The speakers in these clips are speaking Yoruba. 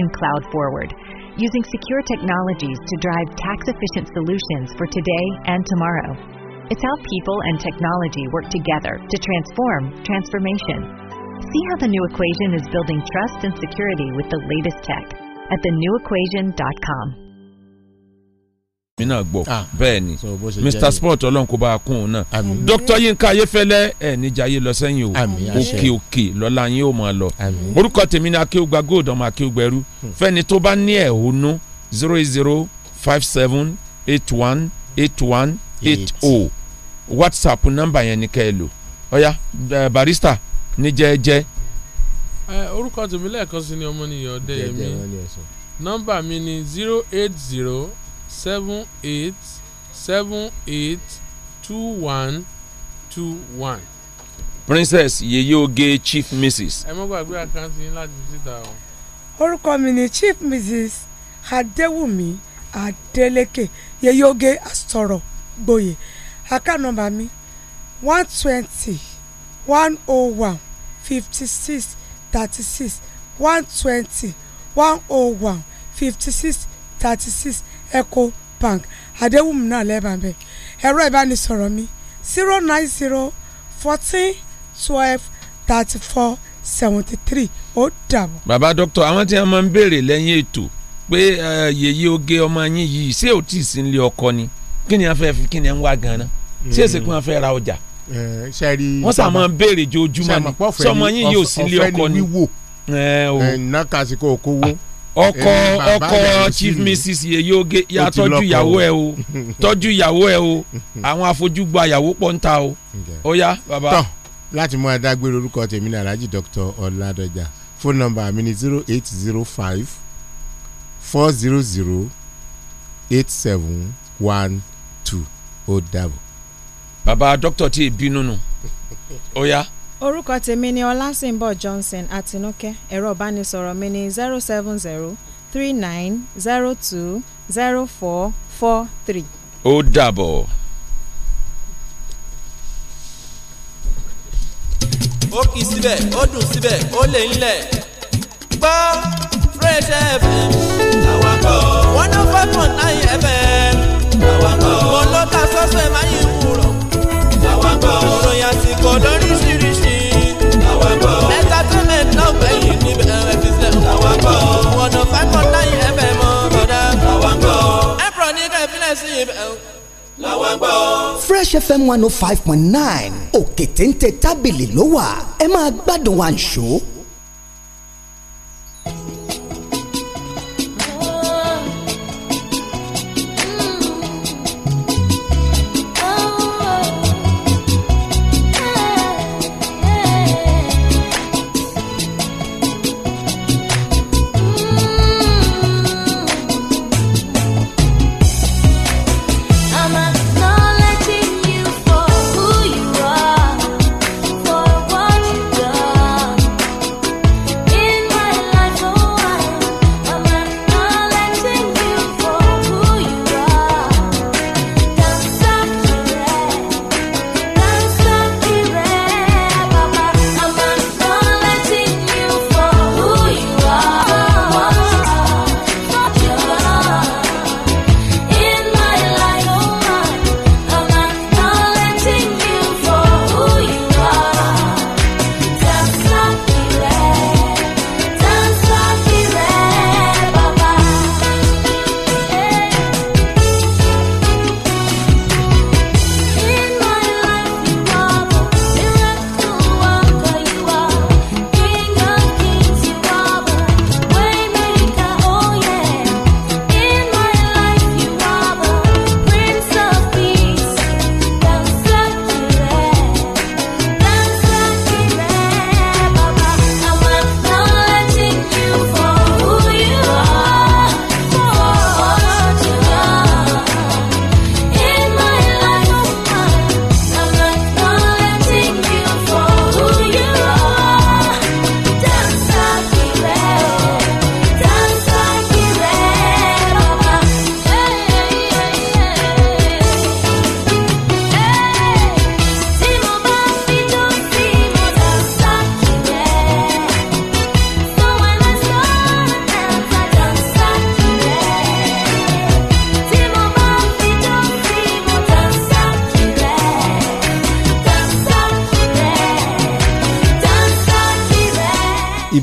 and cloud forward, using secure technologies to drive tax efficient solutions for today and tomorrow. It's how people and technology work together to transform transformation. See how the new equation is building trust and security with the latest tech at thenewequation.com. mi náà gbọ́ ah. ni mr sport ọlọ́run kó bá a kún un náà dr yinka ayéfẹ́lẹ́ ẹ̀ níjà yé lọ sẹ́yìn o òkè òkè lọ́la yín ó máa lọ orúkọ tèmi ni akéwùgbà gold ọmọ akéwùgbẹ̀rú hmm. fẹ́ni tó bá ní ẹ̀hónú zero eight zero five seven eight one eight one eight o whatsapp nọ́mbà yẹn ni kẹ́ ẹ lò ọ̀ya barista ní jẹ́ẹ́jẹ́. orúkọ tèmi lẹ́ẹ̀kan sí ni ọmọnìyàn ọdẹ yẹmi nọ́mbà mi ni zero eight zero seven eight seven eight two one two one. princess yeye oge chief mrs. ẹ mọ́ gbàgbé àkáǹtì yín láti síta o. orúkọ mi ni chief mrs adéwùmí adélèké yeye oge asọ̀rọ̀ gboyè account number mi one twenty one oh one fifty six thirty six one twenty one oh one fifty six thirty six eco bank àdéhùn náà lẹ́ẹ̀bà bẹ́ẹ̀ ẹ̀rọ ìbánisọ̀rọ̀ mi zero nine zero fourteen twelve thirty four seventy three ó dàbọ̀. bàbá dókítà àwọn tí wọn máa ń béèrè lẹ́yìn ètò pé yèyé oge ọmọ yín yìí ṣé ò tí ì sí ilé ọkọ ni kí ni a fẹ́ fi kí ni a ń wá gan-an ṣé èsì kí wọ́n fẹ́ ra ọjà. wọ́n sà máa ń béèrè jojúmọ́ ni sọmọ yín yìí sí ilé ọkọ ni. ọ̀fẹ́ ni wíwò ẹ̀ ǹ ọkọ eh, ọkọ chief mrs yeyoge ya tọ́jú ìyàwó ẹ o tọ́jú ìyàwó ẹ o àwọn afojúgba ìyàwó pọ̀ ń ta o ó yá bàbá. tán láti mú adágbére orúkọ tèmi ní alhaji dr ọládọjà fóònù nọ́mbà mi ni zero eight zero five four zero zero eight seven one two ó dàbọ̀. bàbá dókítà ti ì bínú nù ó yá orúkọ tèmi ni ọlásìnbọ̀ johnson àtinúkẹ́ ẹ̀rọ ìbánisọ̀rọ̀ mi ni zero seven zero three nine zero two zero four four three. ó dàbọ̀. ó kì í síbẹ̀ ó dùn síbẹ̀ ó lè ń lẹ̀ gbọ́ fresh fm làwọn kọ́ one oh five point nine fm làwọn kọ́ mo lọ́ka sọ́sẹ̀ máa ń wúrọ̀ làwọn kọ́ ìròyìn àti awakọ̀ lóríṣiríṣi. awakọ̀ entertainment náà gbẹ̀yìn níbẹ̀ ẹ̀ ti sẹ́. wọ̀nà fákọ̀ láyé ẹ̀fẹ̀ mọ́ bọ̀dá. awakọ̀ ẹ̀pọ̀ ní kẹ́fílẹ̀ sí ibẹ̀ fresh fm one oh five point nine òkè téńté tábìlì ló wà ẹ máa gbádùn wa ṣó.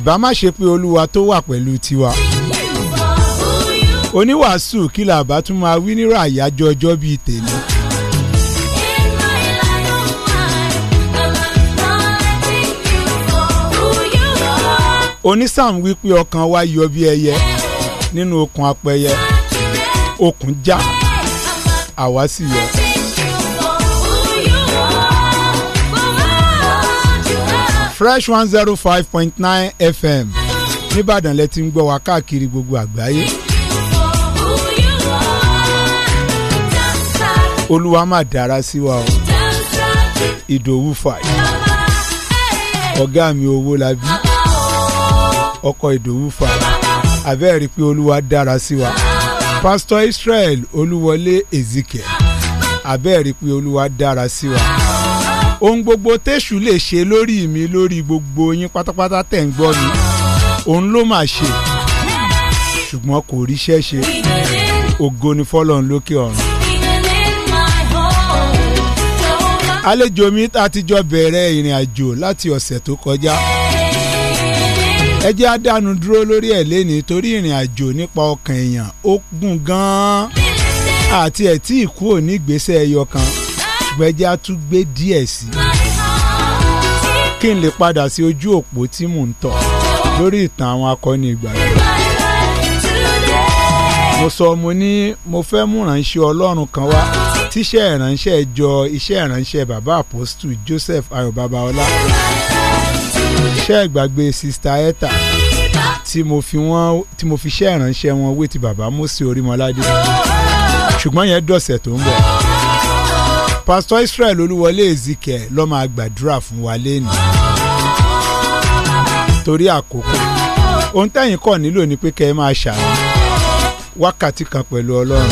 ìbá má ṣe pé olúwa tó wà pẹ̀lú tiwa. oníwàásù kí làbá tún máa wí nírọ̀ àyájọ́ ọjọ́ bíi tèmi. onísàm wípé ọkàn wa yọ bí ẹyẹ nínú okùn apẹyẹ okùn já àwa sì yọ. fresh one zero oh five point nine fm nìbàdàn lẹ ti ń gbọ́ wa káàkiri gbogbo àgbáyé. olúwa má dára sí wa o ìdòwú fàì ọ̀gá mi owó la bí ọkọ̀ ìdòwú fàì abẹ́ rí pé olúwa dára sí wa pásítọ̀ Israel olúwọlé Ezekiel abẹ́ rí i pé olúwa dára sí wa ohun gbogbo téṣù lè ṣe lórí mi lórí gbogbo yín pátápátá tẹ̀ ń gbọ́ ni òun ló mà ṣe ṣùgbọ́n kò ríṣẹ́ ṣe ògo ni fọlọ́run lókè ọ̀run. àlejò mi a ti jọ bẹ̀rẹ̀ ìrìn àjò láti ọ̀sẹ̀ tó kọjá ẹ jẹ́ dúró lórí ẹ̀ lẹ́ni torí ìrìn àjò nípa ọkàn èèyàn ó gùn gan-an àti ẹ̀ tí ìkú ò ní gbèsè ẹyọ kan ṣùgbọ́n ẹjẹ́ á tún gbé díẹ̀ sí i kí n lè padà sí ojú òpó tí mò ń tọ̀ lórí ìtàn àwọn akọni ìgbàlódé. mo sọ mo ní mo fẹ́ mú ìránṣẹ́ ọlọ́run kan wá tíṣẹ́ ìránṣẹ́ jọ iṣẹ́ ìránṣẹ́ bàbá àpọ́stù Joseph Ayọ̀ Babaọlá iṣẹ́ ìgbàgbé sista Etta tí mo fi wọ́n tí mo fi iṣẹ́ ìránṣẹ́ wọn wé ti bàbá Mósè Orímọládé ṣùgbọ́n yẹn dọ̀sẹ̀ tó ń bọ̀. Pastor Israel Olúwọlé Ezike ló máa gbàdúrà fún wa lẹ́nu torí àkókò ohun tẹ̀yìn kọ̀ nílò ni pé kẹ́ ẹ máa ṣà wákàtí kan pẹ̀lú Ọlọ́run.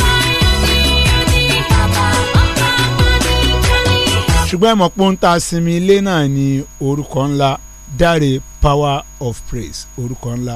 ṣùgbọ́n ẹ mọ̀ pé ohun tá a sinmi ilé náà ni orúkọ ńlá Dáre Power of Praise orúkọ ńlá.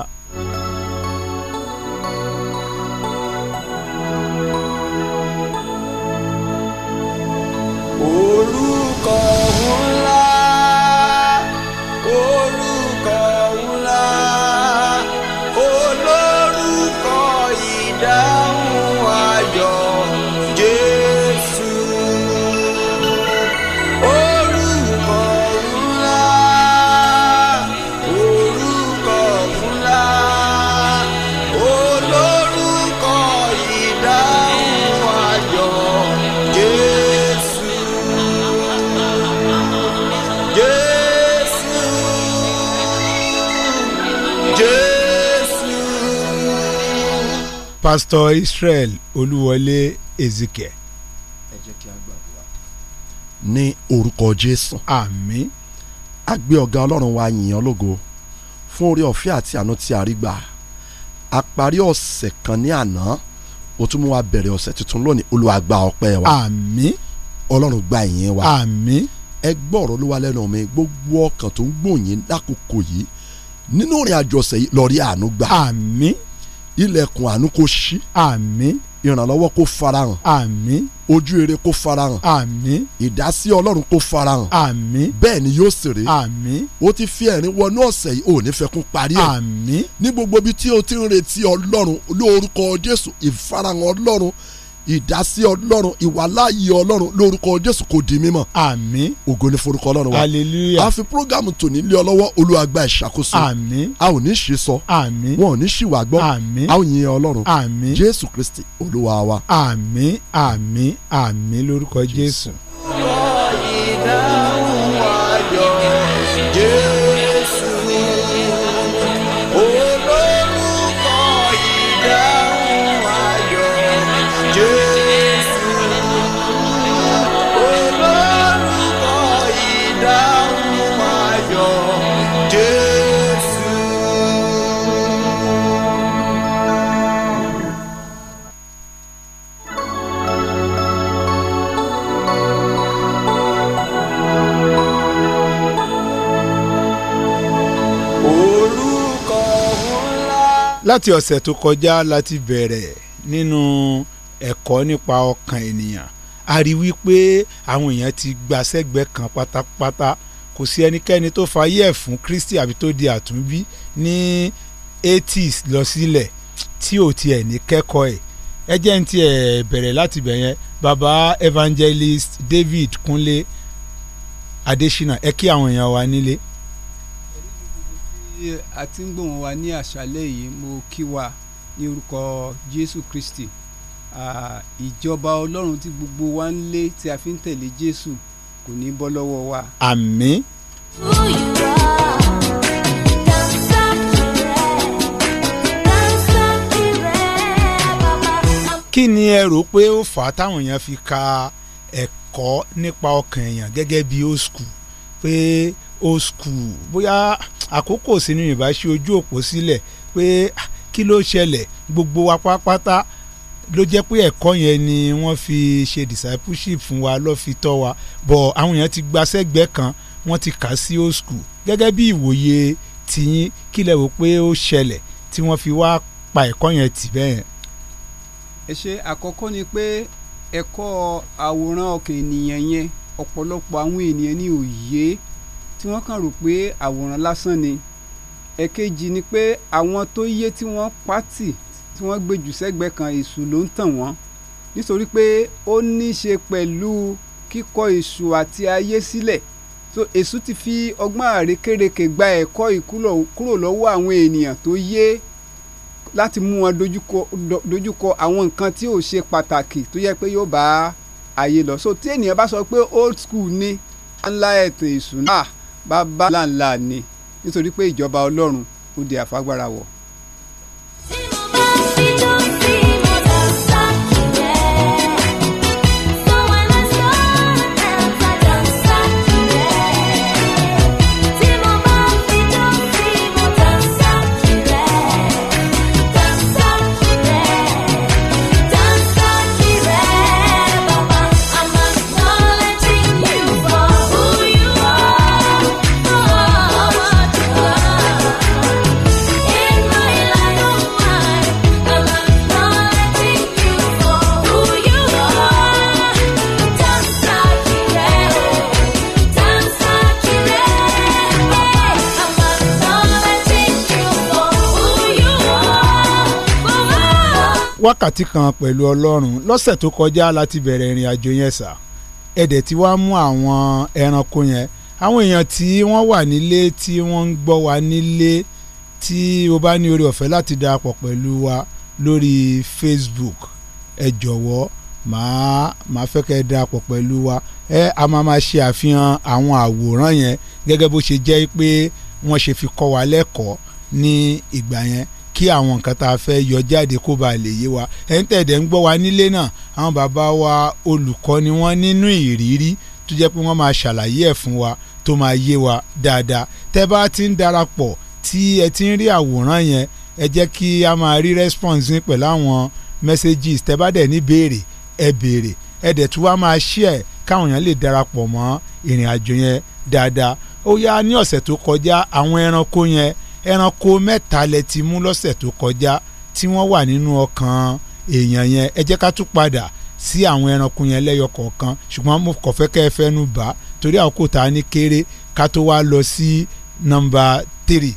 Pastor Israel Olúwọlé Ezekiel, ẹ jẹ́ kí a gbàdúrà. ní orúkọ Jésù. àmín. a gbé ọ̀gá Ọlọ́run wa yìn ọ́ lógo fún oore ọ̀fẹ́ àti àánú tí a rí gbà a parí ọ̀sẹ̀ kan ní àná o tún mú wa bẹ̀rẹ̀ ọ̀sẹ̀ tuntun lónìí Olúwa gba wa. àmín. Ọlọ́run gba ìyìn wa. àmín. ẹ gbọ́ ọ̀rọ̀ Olúwa lẹ́nu mi gbogbo ọkàn tó ń gbòyìn lákòókò yìí nínú ìrìn àjọsẹ̀ yìí lọ rí àánú gbà. àmín ilẹ̀kùn àánú kó ṣí. àmín. ìrànlọ́wọ́ kó farahàn. àmín. ojú rere kó farahàn. àmín. ìdásí ọlọ́run kó farahàn. àmín. bẹ́ẹ̀ ni yóò ṣeré. àmín. o ti fi ẹ̀rín wọnú ọ̀sẹ̀ yìí ò ní fẹ́kún parí ẹ̀. àmín. ní gbogbo ibi tí o ti ń retí ọlọ́run lórúkọ jésù ìfarahàn ọlọ́run ìdásí ọlọ́run ìwàláyé ọlọ́run lórúkọ jésù kò di mímọ́. àmín. ògo ni forúkọ ọlọ́run wa. hallelujah. a fi programu tòní lé ọ lọ́wọ́ olúwa gba ìṣàkóso. àmín. a ò ní ṣe sọ. àmín. wọn ò ní ṣìwà gbọ́. àmín. a ò yin ọlọ́run. àmín. jésù kristi olúwa wa. àmín àmín àmín lórúkọ jésù. jésù. láti ọ̀sẹ̀ tó kọjá láti bẹ̀rẹ̀ nínú ẹ̀kọ́ nípa ọkàn ènìyàn a rí wípé àwọn èèyàn ti gba sẹ́gbẹ̀ẹ́ kan pátápátá kò sí ẹnikẹ́ni tó fayé ẹ̀ fún Kristi àbí tó di àtúnbí ní 80s lọ sílẹ̀ tí ò tiẹ̀ ní kẹ́kọ̀ọ́ ẹ̀ ẹ ń tiẹ̀ bẹ̀rẹ̀ láti bẹ̀ yẹn baba evangelist David Kunle Adesina ẹ kí àwọn èèyàn wa nílé tí a ti ń gbóhùn wa ní àṣálẹ́ yìí mo kí wa ní orúkọ Jésù Kristi ìjọba Ọlọ́run tí gbogbo wa ń lé tí a fi ń tẹ̀lé Jésù kò ní bọ́ lọ́wọ́ wa. àmín. kí ni ẹ rò pé ó fà á táwọn èèyàn fi ka ẹ̀kọ́ nípa ọkàn èèyàn gẹ́gẹ́ bí old school pé old school bóyá àkókò sí ni yorùbá ṣe ojú òpó sílẹ̀ pé ah, kí ló ṣẹlẹ̀ gbogbo wa pátápátá ló jẹ́ pé ẹ̀kọ́ yẹn ni wọ́n fi ṣe discipleship fún wa ló fi tọ́ wa bọ̀ àwọn èèyàn ti gba sẹ́gbẹ́ kan wọ́n ti kà sí old school gẹ́gẹ́ bí ìwòye tiyín kí lẹ wò pé ó ṣẹlẹ̀ tí wọ́n fi wá pa ẹ̀kọ́ yẹn tì bẹ́ẹ̀. ẹ ṣe àkọ́kọ́ ni pé ẹ̀kọ́ àwòrán ọkàn ènìyàn yẹn ọ̀pọ̀lọpọ̀ àwọn ènìyàn ní òye tí wọ́n kàn rò pé àwòrán lásán ni ẹ̀kejì ni pé àwọn tó yé tí wọ́n pátì tí wọ́n gbé jù sẹ́gbẹ̀ẹ́ kan èṣù ló ń tàn wọ́n nítorí pé ó ní í ṣe pẹ̀lú kíkọ̀ èṣù àti ayé sílẹ̀ so èṣù ti fi ọgbọ́n àrékérekè gba ẹ̀kọ́ ìkúrò kúrò lọ́wọ́ àwọn ènìyàn tó yé láti mú wọn dojúkọ àwọn nǹkan tí ò ṣe pàtàkì tó yẹ pé yóò bá ayé lọ so tí ènìyàn bá sọ pé old school ni ńlá ẹ̀tàn èṣù náà bàbá ńláńlá ni nítorí pé ìjọba ọlọ́run ó di àfagbára wọ̀. wákàtí kan pẹ̀lú ọlọ́run lọ́sẹ̀ tó kọjá láti bẹ̀rẹ̀ ìrìn àjò yẹn sà ẹ̀dẹ̀ tí wàá mú àwọn ẹranko yẹn àwọn èèyàn tí wọ́n wà nílé tí wọ́n ń gbọ́ wa nílé tí o bá ní orí ọ̀fẹ́ láti darapọ̀ pẹ̀lú wa lórí Facebook ẹ jọ̀wọ́ màá màá fẹ́ kẹ́ ẹ darapọ̀ pẹ̀lú wa ẹ a máa ma ṣe àfihàn àwọn àwòrán yẹn gẹ́gẹ́ bó ṣe jẹ́ pé wọ́n ṣe fi kọ́ wa lẹ́kọ̀ọ́ ní ìgbà yẹn kí àwọn nǹkan tá a fẹ́ yọ jáde kó ba lè yé wa ẹ̀ ń tẹ̀dẹ̀ ń gbọ́ wa nílé náà àwọn bàbá wa olùkọ́ ni wọ́n nínú ìrírí tó jẹ́ pé wọ́n máa ṣàlàyé ẹ̀ fún wa tó máa yé wa dáadáa tẹ́ bá ti ń darapọ̀ tí ẹ ti ń rí àwòrán yẹn ẹ jẹ́ kí a máa rí response ní pẹ̀lú àwọn messages tẹ́ bá dẹ̀ ní béèrè ẹ béèrè ẹ dẹ̀ tún wá máa share káwọn èèyàn lè darapọ̀ mọ́ ìrìn àjò yẹn dáadáa ó yá ní ọ̀sẹ̀ tó kọjá àwọn ẹranko yẹn ẹranko mẹ́ta lẹ ti mú lọ́sẹ̀ tó kọjá tí wọ́n wà nínú ọkàn èèyàn yẹn ẹ jẹ́ ká tún padà sí àwọn ẹranko yẹn lẹ́yọ kọ̀ọ̀kan ṣùgbọ́n mo kàn fẹ́ kẹ́ ẹ fẹ́nu bá torí àkókò tá a ní kéré ká tó wá lọ sí nọ́mbà tírì.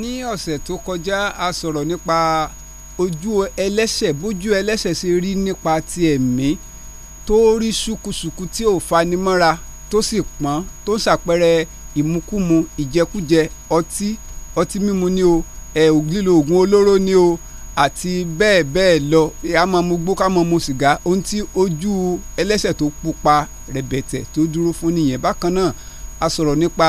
ní ọ̀sẹ̀ tó kọjá a sọ̀rọ̀ nípa ojú ẹlẹ́ṣẹ̀ bójú ẹlẹ́ṣẹ̀ ṣe rí nípa ti ẹ̀mí tó rí ṣùkùṣùkù tí ò fanimọ́ra tó sì pọ́n tó ń ṣàpẹẹrẹ ìmukúmu ìjẹkújẹ ọtí ọtí mímu ni o ẹ lílo oògùn olóró ni o àti bẹ́ẹ̀ bẹ́ẹ̀ lọ a máa mu gbó ká máa mu sìgá ohun tí ojú ẹlẹ́sẹ̀ tó pupa rẹ̀bẹ̀tẹ̀ tó dúró fún nìyẹn bákan náà a sọ̀rọ̀ nípa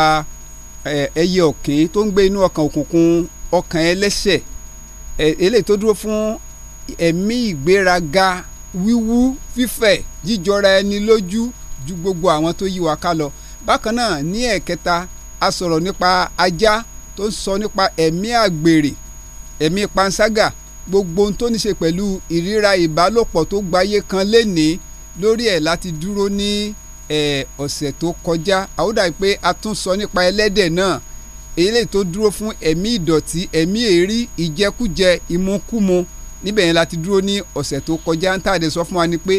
ẹyẹ ọ̀kín tó ń gbé inú ọkàn òkùnkùn ọkàn ẹlẹ́sẹ̀ eléyìí tó dúró fún ẹ̀mí ìgbéraga wíwú fífẹ̀ jíjọra ẹni lójú ju gbogbo àwọn tó yí wa ká lọ bákan náà ní ẹ̀kẹta a sọ̀rọ̀ nípa ajá tó ń sọ nípa ẹ̀mí àgbèrè ẹ̀mí panṣágà gbogbo ohun tó ní ṣe pẹ̀lú ìríra ìbálòpọ̀ tó gbayé kan lénìí lórí ẹ̀ láti dúró ní ọ̀sẹ̀ tó kọjá àwòdà pé a tún sọ nípa ẹlẹ́dẹ̀ náà eléyìí tó dúró fún ẹ̀mí ìdọ̀tí ẹ̀mí èérí ìjẹkújẹ ìmukúmu níbẹ̀ yẹn láti dúró ní ọ̀sẹ̀ tó kọjá ń tàdé sọ fún wa ni pé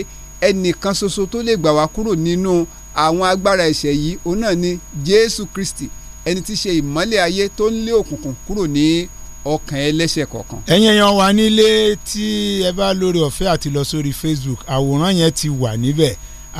ẹnìkan ṣoṣo tó lè gbà wá kúrò nínú àwọn agbára ẹ̀ṣẹ̀ yìí òun náà ni Jésù Kristi ẹni tí ṣe ìmọ́lẹ̀ ayé tó ń lé òkùnkùn kúrò ní ọkàn ẹlẹ́ṣẹ̀ kọ̀ọ̀kan. ẹ̀yin èèyàn wa nílé tí ẹ bá lórí ọ̀fẹ́ àti lọ sórí Facebook àwòrán yẹn ti wà níbẹ̀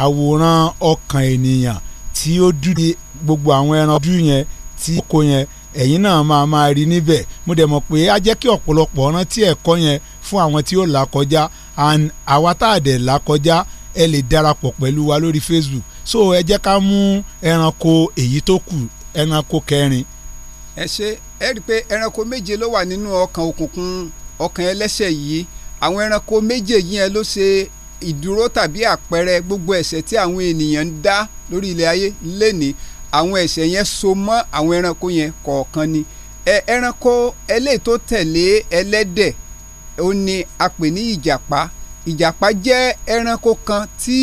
àwòrán ọkàn ènìyàn tí ó dúdú gbogbo àwọn ẹran dúdú yẹn tí kò yẹn ẹ̀yin náà máa máa rí níbẹ̀ mo dẹ̀ mọ̀ pé á jẹ́ kí ọ̀pọ̀lọpọ̀ rántí ẹ̀kọ́ yẹn fún àwọn tí ó là kọjá and àwa tá a dẹ̀ là kọjá ẹ lè darapọ̀ pẹ̀lú wa lórí Facebook so ẹ jẹ́ ká mú ẹranko èyí tó kù ẹranko kẹrin. ẹ ṣe ẹ rí i pé ẹranko méje ló wà nínú ọkàn òkùnkùn ọkàn ẹlẹ́ṣẹ̀ yìí àwọn ẹranko méje yìí yẹn ló ṣe ìdúró tàbí àpẹẹrẹ gbogbo ẹ̀ṣẹ̀ tí àwọn ènìyàn ń dá lórí ilẹ̀ ayé lénìí àwọn ẹ̀ṣẹ̀ yẹn so mọ́ àwọn ẹranko yẹn kọ̀ọ̀kan ni ẹranko eléyìí tó tẹ̀lé ẹlẹ́dẹ̀ ó ní a pè ní ìjàpá ìjàpá jẹ́ ẹranko kan tí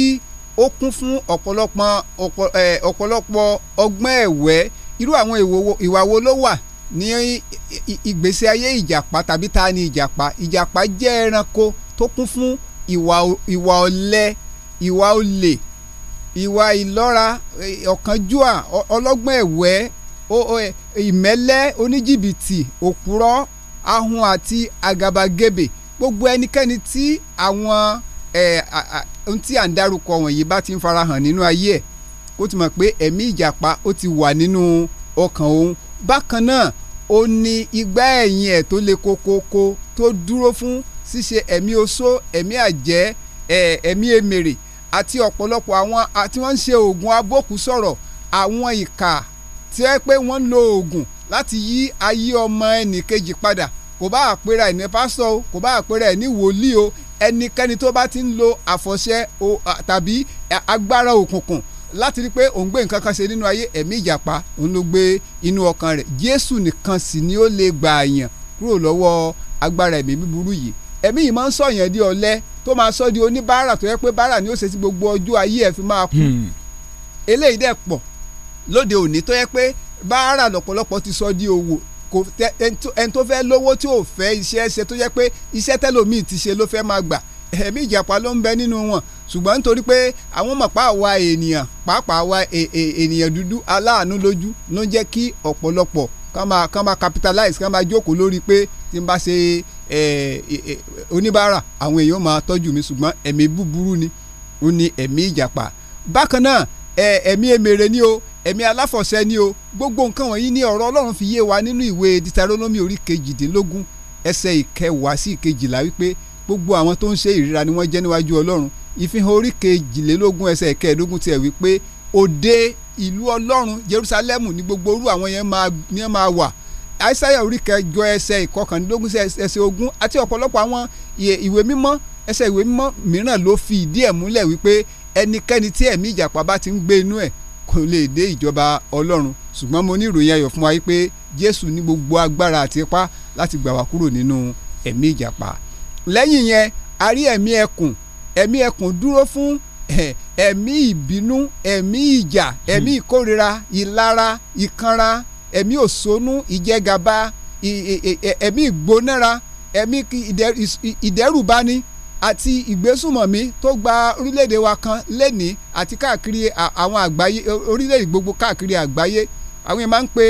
ó kún fún ọ̀pọ̀lọpọ̀ ọgbọ́n ẹ̀wẹ́ irú àwọn ìwà wo ló wà ní ìgbésí ayé ìjàpá tàbí ta ni ìjàpá ìjàpá jẹ́ ẹranko tó kún fún ìwà ọ̀lẹ ìwà olè ìwà ìlọ́ra ọ̀kánjúà ọlọ́gbọ́n ẹ̀wẹ́ ìmẹ́lẹ́ oníjìbìtì òpùrọ́ ahun àti àgàbàgebè gbogbo ẹnikẹ́ni tí àwọn ohun tí à ń dárúkọ wọ̀nyí bá ti ń farahàn nínú ayé ẹ̀ kó ti mọ̀ pé ẹ̀mí ìjàpá ó ti wà nínú ọkàn òun bákan náà ó ní igbá ẹ̀yìn ẹ̀ tó le kókókó tó dúró fún ṣíṣe ẹ̀mí oṣó ẹ̀mí àjẹ́ ẹ̀mí èmèrè àti ọ̀pọ̀lọpọ̀ àwọn tí wọ́n ń ṣe oògùn abókùsọ̀rọ̀ àwọn ìkà tí ẹ pé wọ́n ń lo oògùn láti yí ayé ọmọ ẹnìkejì padà kò bá àpẹẹrẹ ẹ̀ ní pásítọ̀ o kò bá àpẹẹrẹ ẹ̀ ní wòlíì o ẹnikẹ́ni tó bá ti ń lo àfọ̀ṣẹ tàbí agbára òkùnkùn láti rí pé òun gbé nǹkan kan ṣe nínú ayé ẹ̀mí ìjàpá òun ló gbé inú ọkàn rẹ̀ Jésù nìkan sì ni ó lè gbà àyàn kúrò lọ́wọ́ agbára ẹ̀mí búburú yìí ẹ̀mí yìí máa ń sọ̀yàn di ọ̀lẹ tó máa sọ di oníbàárà tó yẹ pé bàárà ni ó ṣe sí gbogbo ọjọ́ ayé ẹ̀ fi máa kú hmm. eléyìí dẹ̀ pọ̀ lóde òní tó yẹ pé bàárà lọ́pọ̀lọpọ̀ ti sọ di òwò kò ẹni tó fẹ́ lówó tí ò fẹ́ iṣẹ́ ṣe tó yẹ pé iṣẹ́ tẹ́lòmíì ti ṣe ló fẹ́ máa gbà ẹ̀mí ìjàpá ló ń bẹ nínú wọn ṣùgbọ́n nítorí pé àwọn mọ̀pá àwa ènìyàn pàápàá àwa e, e, ènìyàn dúdú aláàánú lójú ló ń jẹ́ kí ọ̀pọ̀lọpọ̀ kán máa kán máa capitalize kán máa jókòó lórí pé tí n bá ṣe oníbàárà àwọn èèyàn máa tọ́jú mi ṣùgbọ́n ẹ̀mí búburú ni ó ní ẹ̀mí ìjàpá bákan náà ẹ̀mí èmèrè ni o ẹ̀mí aláfọ̀ṣẹ ni o gbogbo nǹkan wọ̀nyí ni ọ̀rọ̀ Ọlọ́run fi yé wa nínú ìwé Deuteronomy orí kejìdínlógún ẹsẹ̀ ìkẹwàá sí ìkejìlá wípé gbogbo àwọn tó ń ṣe ìríra ni wọ́n jẹ́ níwájú Ọlọ́run ìfihàn orí kejìlélógún ẹsẹ̀ ìkẹẹ̀ẹ́dógún tiẹ̀ wípé òde ìlú Ọlọ́run Jerusalemu ni gbogbo orú àwọn yẹn máa wà àìsáyà orí kẹjọ ẹsẹ̀ ìkọkàndínlógún ẹsẹ̀ ogún àti ọ̀pọ̀lọpọ̀ àwọn ìwé mímọ́ ẹsẹ̀ ìwé mímọ́ mìíràn ló fi ìdí ẹ̀ múlẹ̀ wípé ẹnikẹ́ni tí ẹ̀mí ìjàpá bá ti ń gbé inú ẹ̀ kò lè dé ìjọba ọlọ́run ṣùgbọ́n mo ní ìròyìn ayọ̀ fún wa pé jésù ní gbogbo agbára àti ipá láti gbà wá kúrò nínú ẹ̀mí ìjàpá lẹ́yìn yẹn a rí ẹ̀mí ẹkùn ẹ̀mí ẹkùn dúró fún ẹ̀mí ìbínú ẹ̀mí ìjà ẹ̀mí hmm. ìkórira ìlara ìkanra ẹ̀mí òṣónú ìjẹgàba ẹ̀mí ìgbónára ẹ̀mí ìdẹ́rùbani àti ìgbésùmọ̀mí tó gba orílẹ̀-èdè wa kan lẹ́nìí àti káàkiri àwọn àgbáyé orílẹ̀-èdè gbogbo káàkiri àgbáyé àwọn yẹn máa ń pe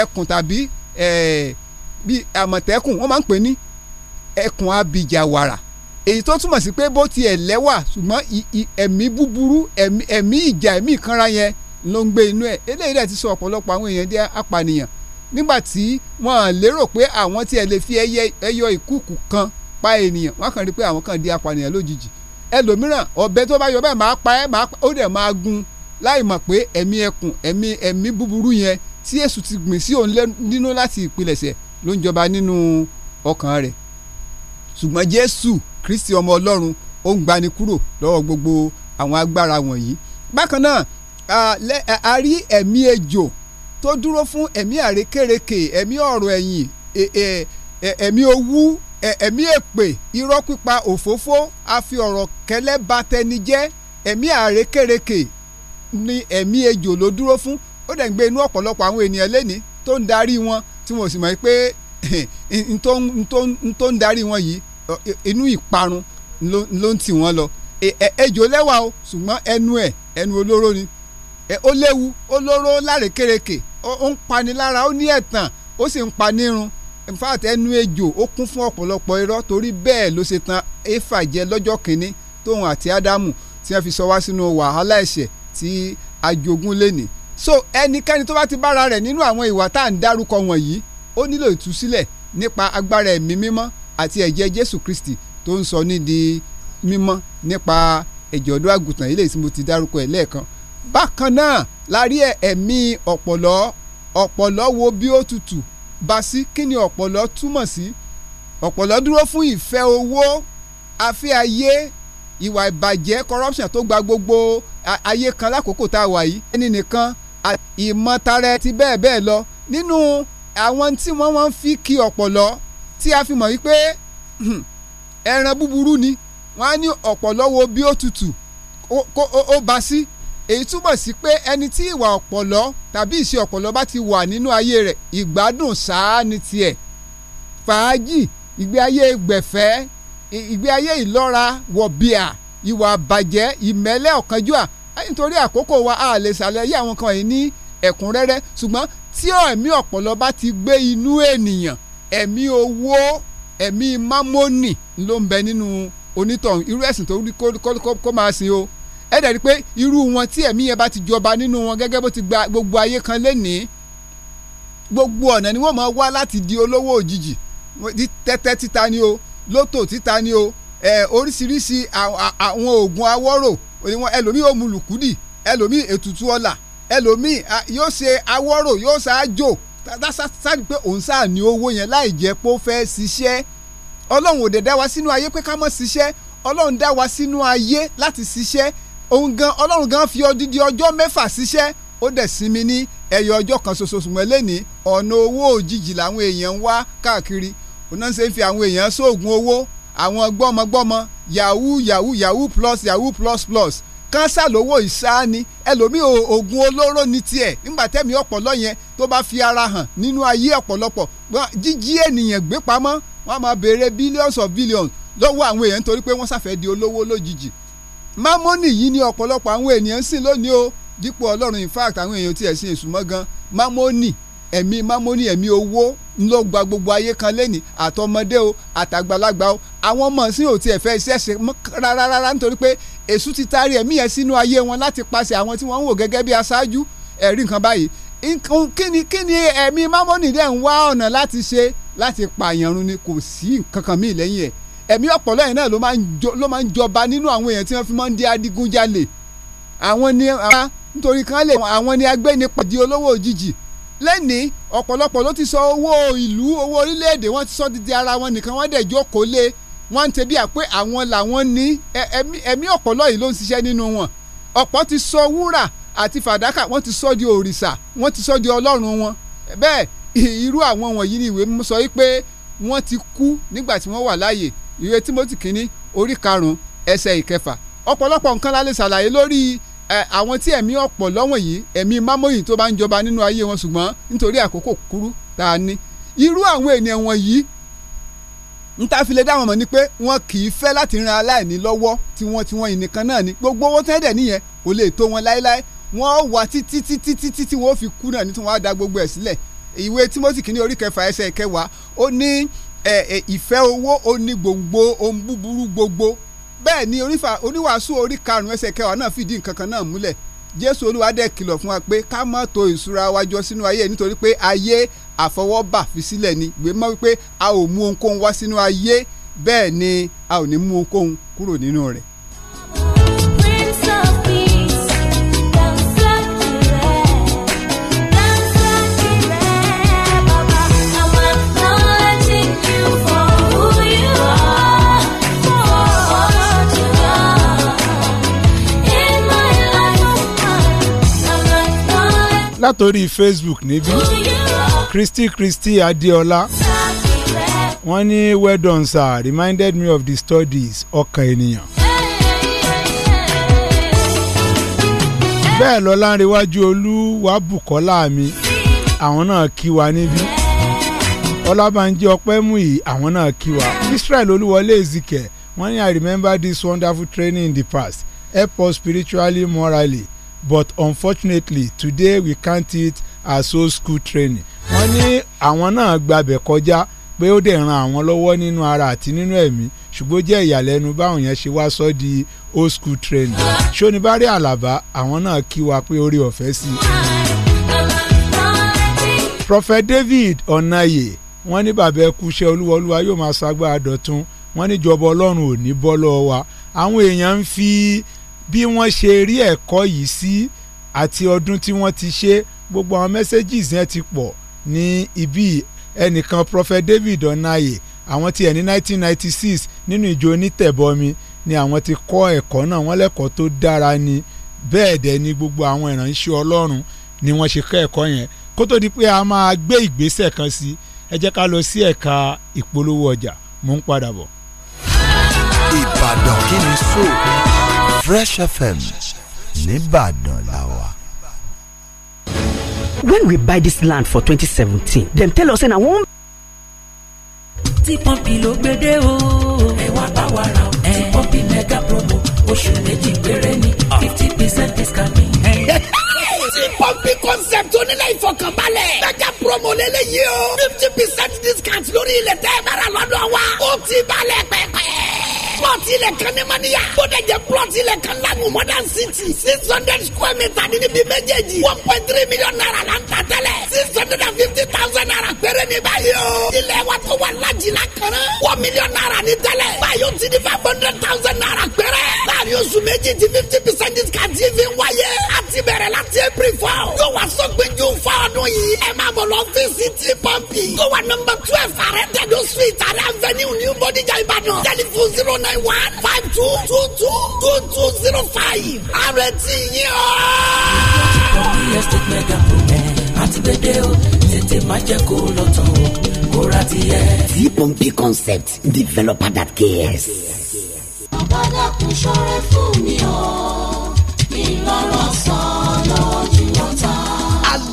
ẹkùn tàbí bí àmọ̀tẹ́kùn wọ́n máa ń pè ní ẹkùn abìjàwàrà èyí tó túmọ̀ sí pé bó tiẹ̀ lẹ́wà ṣùgbọ́n ẹ̀mí búburú ẹ̀mí ìjà ẹ̀mí ìkanra yẹn ló ń gbé inú ẹ̀ eléyìí dẹ̀ ti sọ ọ̀pọ̀lọpọ̀ àwọn èèyàn di apànìyàn nígbà tí wọ́n lérò pé àwọn tiẹ̀ lè fi ẹyọ ìkúùkù kan pa ènìyàn wọ́n kàn rí pé àwọn kan di apànìyàn lójijì ẹlòmíràn ọ̀bẹ tó bá yọ bẹ́ẹ̀ máa pa ẹ́ máa pa ó dẹ̀ máa gun láì mọ̀ pé ẹ̀mí ẹkùn ẹ̀mí ẹ̀mí búburú yẹn tí èṣù ti gbìn sí òun nínú láti ìpilẹ̀ṣẹ̀ ló ń jọba nínú ọkàn rẹ̀ ṣùgbọ́n Jésù Kristi ọmọ Ọlọ́run ó ń gbani kúrò lọ́wọ́ gbogbo àwọn agbára wọ̀nyí bákan náà a rí ẹ̀mí ejò tó dúró fún ẹ̀mí àrékèrèké ẹ̀mí ọ̀rọ̀ ẹ̀yìn e, e, e, ẹ̀mí owú ẹ̀mí èpè irọ́ pípa òfófó àfi ọ̀rọ̀ kẹlẹ́ ba tẹni jẹ́ ẹ̀mí àrékèrèkè ni ẹ̀mí ejò ló dúró fún ó dẹ̀ ń gbé inú ọ̀pọ̀lọpọ̀ àwọn ènìyàn lẹ́ni tó ń darí wọn tí wọn ò sì mọ̀ pé n tó ń darí wọn yìí inú ìparun ló ń tì wọ́n lọ e, e, ejò lẹ́wà o ṣùgbọ́n ẹnu ẹ̀ ẹnu olóró ni e, ó léwu olóró lárékèrèkè ó ń pani lára ó ní ẹ̀tàn ó sì ń pa in fact ẹnu ejò ó kún fún ọ̀pọ̀lọpọ̀ irọ́ torí bẹ́ẹ̀ ló ṣe tan éfà jẹ lọ́jọ́ kìíní tóun àti ádámù tí wọ́n fi sọ wá sínú wàhálà ẹ̀ṣẹ̀ tí ajogún lẹ́nì so ẹnikẹ́ni tó bá ti bára rẹ̀ nínú àwọn ìwà tá à ń dárúkọ wọ̀nyí ó nílò ìtúsílẹ̀ nípa agbára ẹ̀mí mímọ́ àti ẹ̀jẹ̀ jésù kristi tó ń sọ ní di mímọ́ nípa ẹ̀jẹ̀ ọ̀dọ́ àgùntàn ilé tí mo ti dárúkọ ẹ̀ lẹ́ẹ̀kan bákan náà la rí ẹ̀mí ọ̀pọ̀lọ́ ọ̀pọ̀lọ́ wo bí ó tutù Basí kí ni ọ̀pọ̀lọ́ túmọ̀ sí ọ̀pọ̀lọ́ dúró fún ìfẹ́ owó afẹ́ ayé ìwà ìbàjẹ́ corruption tó gba gbogbo ayé kan lákòókò tá a wà yìí ẹni nìkan ìmọ̀tara ti bẹ́ẹ̀ bẹ́ẹ̀ lọ nínú àwọn tí wọ́n wọ́n fi kí ọ̀pọ̀lọ́ tí a fi mọ̀ wípé hmm, ẹran búburú ni wọ́n á ní ọ̀pọ̀lọ́ wo bí ó tutù ó bá sí. Si èyí túmọ̀ sí pé ẹni tí ìwà ọ̀pọ̀lọ́ tàbí ìṣe ọ̀pọ̀lọ́ bá ti wà nínú ayé rẹ̀ ìgbádùn sáà ni tiẹ̀ fàájì ìgbé ayé gbẹ̀fẹ́ ìgbé ayé ìlọ́ra wọ̀bìà ìwà àbàjẹ́ ìmẹ́lẹ́ ọ̀kánjúà nítorí àkókò wa a lè ṣàlàyé àwọn kan yìí ní ẹ̀kúnrẹ́rẹ́ ṣùgbọ́n tí ẹ̀mí ọ̀pọ̀lọ́ bá ti gbé inú ènìyàn ẹ̀mí owó ẹ̀mí mámọ́nì ló ń bẹ nínú onítọ̀hún irú ẹ̀sìn tó kó máa sin o ẹ dẹ̀ rí pé irú wọn tí ẹ̀mí yẹn bá ti jọba nínú wọn gẹ́gẹ́ bó ti gba gbogbo ayé kan lénìí gbogbo ọ̀nà ni wọ́n máa wá láti di olówó òjijì tẹ́tẹ́ títa ni o lótò títa ni o oríṣiríṣi àwọn oògùn awọ́rò ẹlòmíì ó mu lùkúdì ẹlòmíì ètùtù ọlà ẹlòmíì yóò ṣe awọ́rò yóò ṣáájò sáàdì pé òun sáà ní owó yẹn láì jẹ́ pé ó fẹ́ ṣiṣẹ́ ọlọ́run ò dẹ̀ dá wa sínú ayé pé ká má ṣiṣẹ́ ọlọ́run dá wa sínú ayé láti ṣiṣẹ́ òun gan ọlọ́run gan fi odidi ọjọ́ mẹ́fà ṣiṣẹ́ ó dẹ̀ sinmi ní ẹyọ ọjọ́ kan ṣoṣo ṣùgbọ́n lẹ́nìí ọ̀nà owó òjijì làwọn èèyàn ń wá káàkiri òun náà ṣe ń fi àwọn èèyàn sóògùn owó àwọn gbọ́mọgbọ́mọ yahoo yahoo yahoo plus yahoo plus plus kánsà lówó ìsáni ẹlòmíì oògùn olóró ní tiẹ̀ nígbà tẹ́mi ọ̀pọ̀lọ́ yẹn tó bá fi ara hàn nínú ayé ọ̀pọ̀lọpọ̀ jíjí ènìyàn gbé pamọ́ wọ́n á máa béèrè billions of billions lọ́wọ́ àwọn èèyàn nítorí pé wọ́n ṣàfẹ́ di olówó lójijì mámọ́nì yìí ni ọ̀pọ̀lọpọ̀ àwọn ènìyàn ń sìn lónìí o dípò ọlọ́run in fact àwọn èèyàn ti ẹ̀ sìn èṣù mọ́ gan mámọ́nì ẹ̀mí mámọ́nì ẹ̀mí owó ló gba gbogbo ayé kan lẹ́nìí àtọmọdé o àtàgbàlagbà o àwọn ọmọ sí ò tiẹ̀ fẹ́ iṣẹ́ ṣe rárá nítorí pé èṣù ti taari ẹ̀mí yẹn sínú ayé wọn láti paṣẹ àwọn tí wọ́n ń wò gẹ́gẹ́ bí aṣáájú ẹ̀rí nǹkan báyìí kíni kíni ẹ̀mí mámọ́nì dẹ̀ ń wá ọ̀nà láti ṣe láti pààyàn run ni kò sí nǹkan kan míì lẹ́yìn ẹ̀ ẹ̀mí ọ̀pọ̀lọ́ yẹn náà ló máa ń jọba nínú àwọn èèyàn tí wọ́n fi máa ń di adigunjalè àwọn ni nítorí kan lè àwọn ni agbẹ́nipa di olówó òjijì lẹ́ni ọ̀pọ̀lọpọ̀ ló ti sọ owó ìlú owó orílẹ̀-èdè wọ́n ti sọ di di ara wọn nìkan wọ́n dẹ̀ jókòó lé wọ́n ń tẹ̀bí à pé àwọn làwọn ní ẹ̀mí ọ̀pọ̀lọ́ yìí ló ń ṣiṣẹ́ nínú wọn ọ̀pọ̀ ti sọ wúrà àti fàdákà wọ́n ti sọ di òrìṣà wọ́n ti sọ di ọlọ́run wọn bẹ́ẹ̀ irú àwọn wọ̀nyí ni ìwé mú sọ wípé wọ́n ti kú nígbà tí wọ́n wà láàyè ìwé Timothy kínní orí karùn-ún ẹsẹ̀ ìkẹfà ọ̀pọ̀lọpọ̀ nǹkan la lè ṣàlàyé lórí àwọn tí ẹ̀mí ọ̀pọ̀ lọ́wọ́n yìí ẹ̀mí mámóyìn tó bá ń jọba nínú ayé wọn ṣùgbọ́n nítorí àkókò kúrú tá a ní irú àwọn ènìyàn wọ̀nyí n ta fi lè dá ni pé wọn kì í fẹ́ láti ran aláìní lọ́wọ́ tiwọn tiwọn ìnìkan náà ni gbogbo owó tẹ́ dẹ̀ nìyẹn kò lè tó wọn láéláé wọn wà títí títí títí tí wọn ó fi kú náà ní tí wọn á da gbogbo ẹ̀ sílẹ̀ ìwé Timothy kìíní orí kẹfà ẹsẹ̀ kẹwàá ó ní ìfẹ́ owó oní gbòǹgbò ohun búburú gbogbo bẹ́ẹ̀ ni oníwàásù orí karùn-ún ẹsẹ̀ kẹwàá náà fìdí nkankan náà múlẹ̀ jésù olúwa kìlọ̀ fún wa pé ká má ìṣúra wa jọ sínú ayé nítorí ni gbé mọ́ wípé a ò mú ohunkóhun wá sínú ayé ni a ò ní mú ohunkóhun kúrò látòrí Facebook níbí Christy Christy Adéọlá wọ́n ní well done sir reminded me of the studies ọkàn ènìyàn. bẹ́ẹ̀ lọ láńrewájú olúwa Bùkọ́lá mi àwọn náà kí wa níbí Ọlábànjí Ọpẹ́múyì àwọn náà kí wa Israel Olúwọlé Ezike wọ́n ní I remember this wonderful training in the past help us spiritually morally but unfortunately today we count it as old school training. wọ́n ní àwọn náà gbàbẹ̀ kọjá pé ó dẹ̀ ran àwọn lọ́wọ́ nínú ara àti nínú ẹ̀mí ṣùgbọ́n jẹ́ ìyàlẹ́nu báwọn yẹn ṣe wá sọ di old school training. ṣónibárì àlàbá àwọn náà kí wa pé orí ọ̀fẹ́ sí i. prophet david ọ̀nàyè wọ́n ní bàbá ẹkú iṣẹ́ olúwa olúwa yóò máa ṣagbára dọ̀tun wọ́n ní ìjọba ọlọ́run ò ní bọ́ lọ́wọ́ wa àwọn èèyàn ń fi bí wọ́n ṣe rí ẹ̀kọ́ yìí sí àti ọdún tí wọ́n ti ṣe gbogbo àwọn mẹ́sẹ́gìs yẹn ti pọ̀ ní ibi ẹnìkan prophet david onaye àwọn tiẹ̀ ní 1996 nínú ìjọ onítẹ̀bọmi ni àwọn ti kọ́ ẹ̀kọ́ náà wọ́n lẹ́kọ̀ọ́ tó dára ni bẹ́ẹ̀ dẹ̀ ni gbogbo àwọn ìránṣẹ́ ọlọ́run ni wọ́n ṣe kọ́ ẹ̀kọ́ yẹn kó tó di pé a máa gbé ìgbésẹ̀ kan sí ẹ jẹ́ ká lọ sí ẹ̀ka ìpolówó ọjà mò ń padà bọ̀. ìbàdàn kí ni sóò Fresh FM nìbàdàn la wà. When we buy this land for 2017, dem tell us say na one. Tí pọ́ǹpì ló gbédè o. Ẹ wá bá wa ra o. Eh. Tí pọ́ǹpì mega promo oṣù méjì péré ní ah. fifty percent discount eh. pọ́ǹpì concept onílé ìfọkànbalẹ̀. Mẹ́jà promo lélẹ́yìí o. fifty percent discount lórí ilẹ̀ tẹ́ bára lọ́dọ̀ wa. Ó ti balẹ̀ pẹ́pẹ́ plọ̀tì ilẹ̀ kan ní mọ́níyà. bódẹ̀jẹ̀ plọ̀tì ilẹ̀ kan lánàá modern city. six hundred square meter ní níbi méjèèjì. one point three million naira la ń ta tẹ́lẹ̀. six hundred and fifty thousand naira péré ní báyìí o. ilẹ̀ wa tó wà lajìlá kan. one million naira ní tẹ́lẹ̀. báyìí o ti di five hundred thousand naira péré. láàrin oṣù méjì ti fifty percent discount yìí fi wáyé. a ti bẹ̀rẹ̀ láti april four. yóò wá sọ pé ju fọ́ọ̀nù yìí. ẹ máa bọ̀ lọ fi city pump. yóò wà nọmba twelve àrẹ tẹ̀dọ̀ street avenue new body jà ìbàdàn. zero nine nine one five two two two two two zero five. àrètí yín o. estate mega promo àti gbèdé o tètè má jẹ́ kó lọ tán o kó ra tiẹ̀. tí pọ́ǹpì concept developer that cares. bàbá dàkún fún mi o ìlọrọ sọ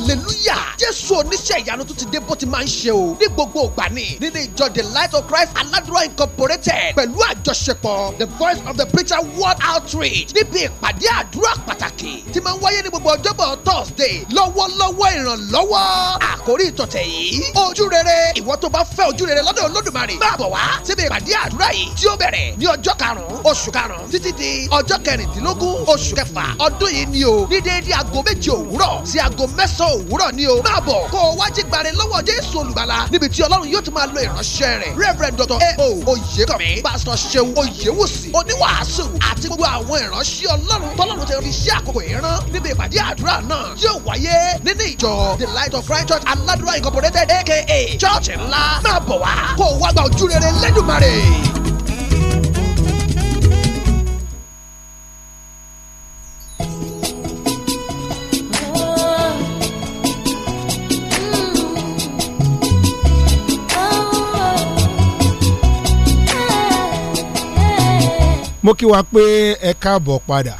hallelujah jésù oníṣẹ́ ìyanu tún ti dé bó ti máa ń ṣe o ní gbogbo ògbà ni nínú ìjọ the light of christ aládùúrà incorporated pẹ̀lú àjọṣepọ̀ the voice of the preacher world outreach níbi ìpàdé àdúrà pàtàkì tí máa ń wáyé ní gbogbo ọjọ́bọ̀ thursday lọ́wọ́lọ́wọ́ ìrànlọ́wọ́ àkórí ìtọ̀tẹ̀ yìí ojú rere ìwọ tó bá fẹ́ ojú rere lọ́dọ̀ olódùmarè máa bọ̀ wá síbi ìpàdé àdúrà yìí tí ó bẹ̀rẹ̀ ní ọjọ́ karùn-ún oṣù karùn-ún títí di ọjọ́ kẹrìndínlógún oṣù kẹfà ọdún yìí ni o ní déédéé aago méje òwúrọ̀ sí aago mẹ́sàn-án òwúrọ̀ ni o máa bọ̀ kó o wájú gbàre lọ́wọ́ jésù olùgbàlà níbi tí ọlọ́run yóò ti máa lo ìránṣẹ́ rẹ̀ reverend dr a.o. oyèkànmí pastor seun oyèwùsì oníwàásù àti gbogbo àwọn ìránṣẹ́ ọlọ́run tọ́lọ́run ti fi ṣe àkókò ìran níbi ìpàdé àdúrà náà yóò wáyé nínú ìjọ the light of christ church aládùúrà incorporated aka church ńlá máa bọ̀ wá kó o wá gba ojúrere lẹ́dùnmarè. mo kí wa pé ẹ káàbọ̀ padà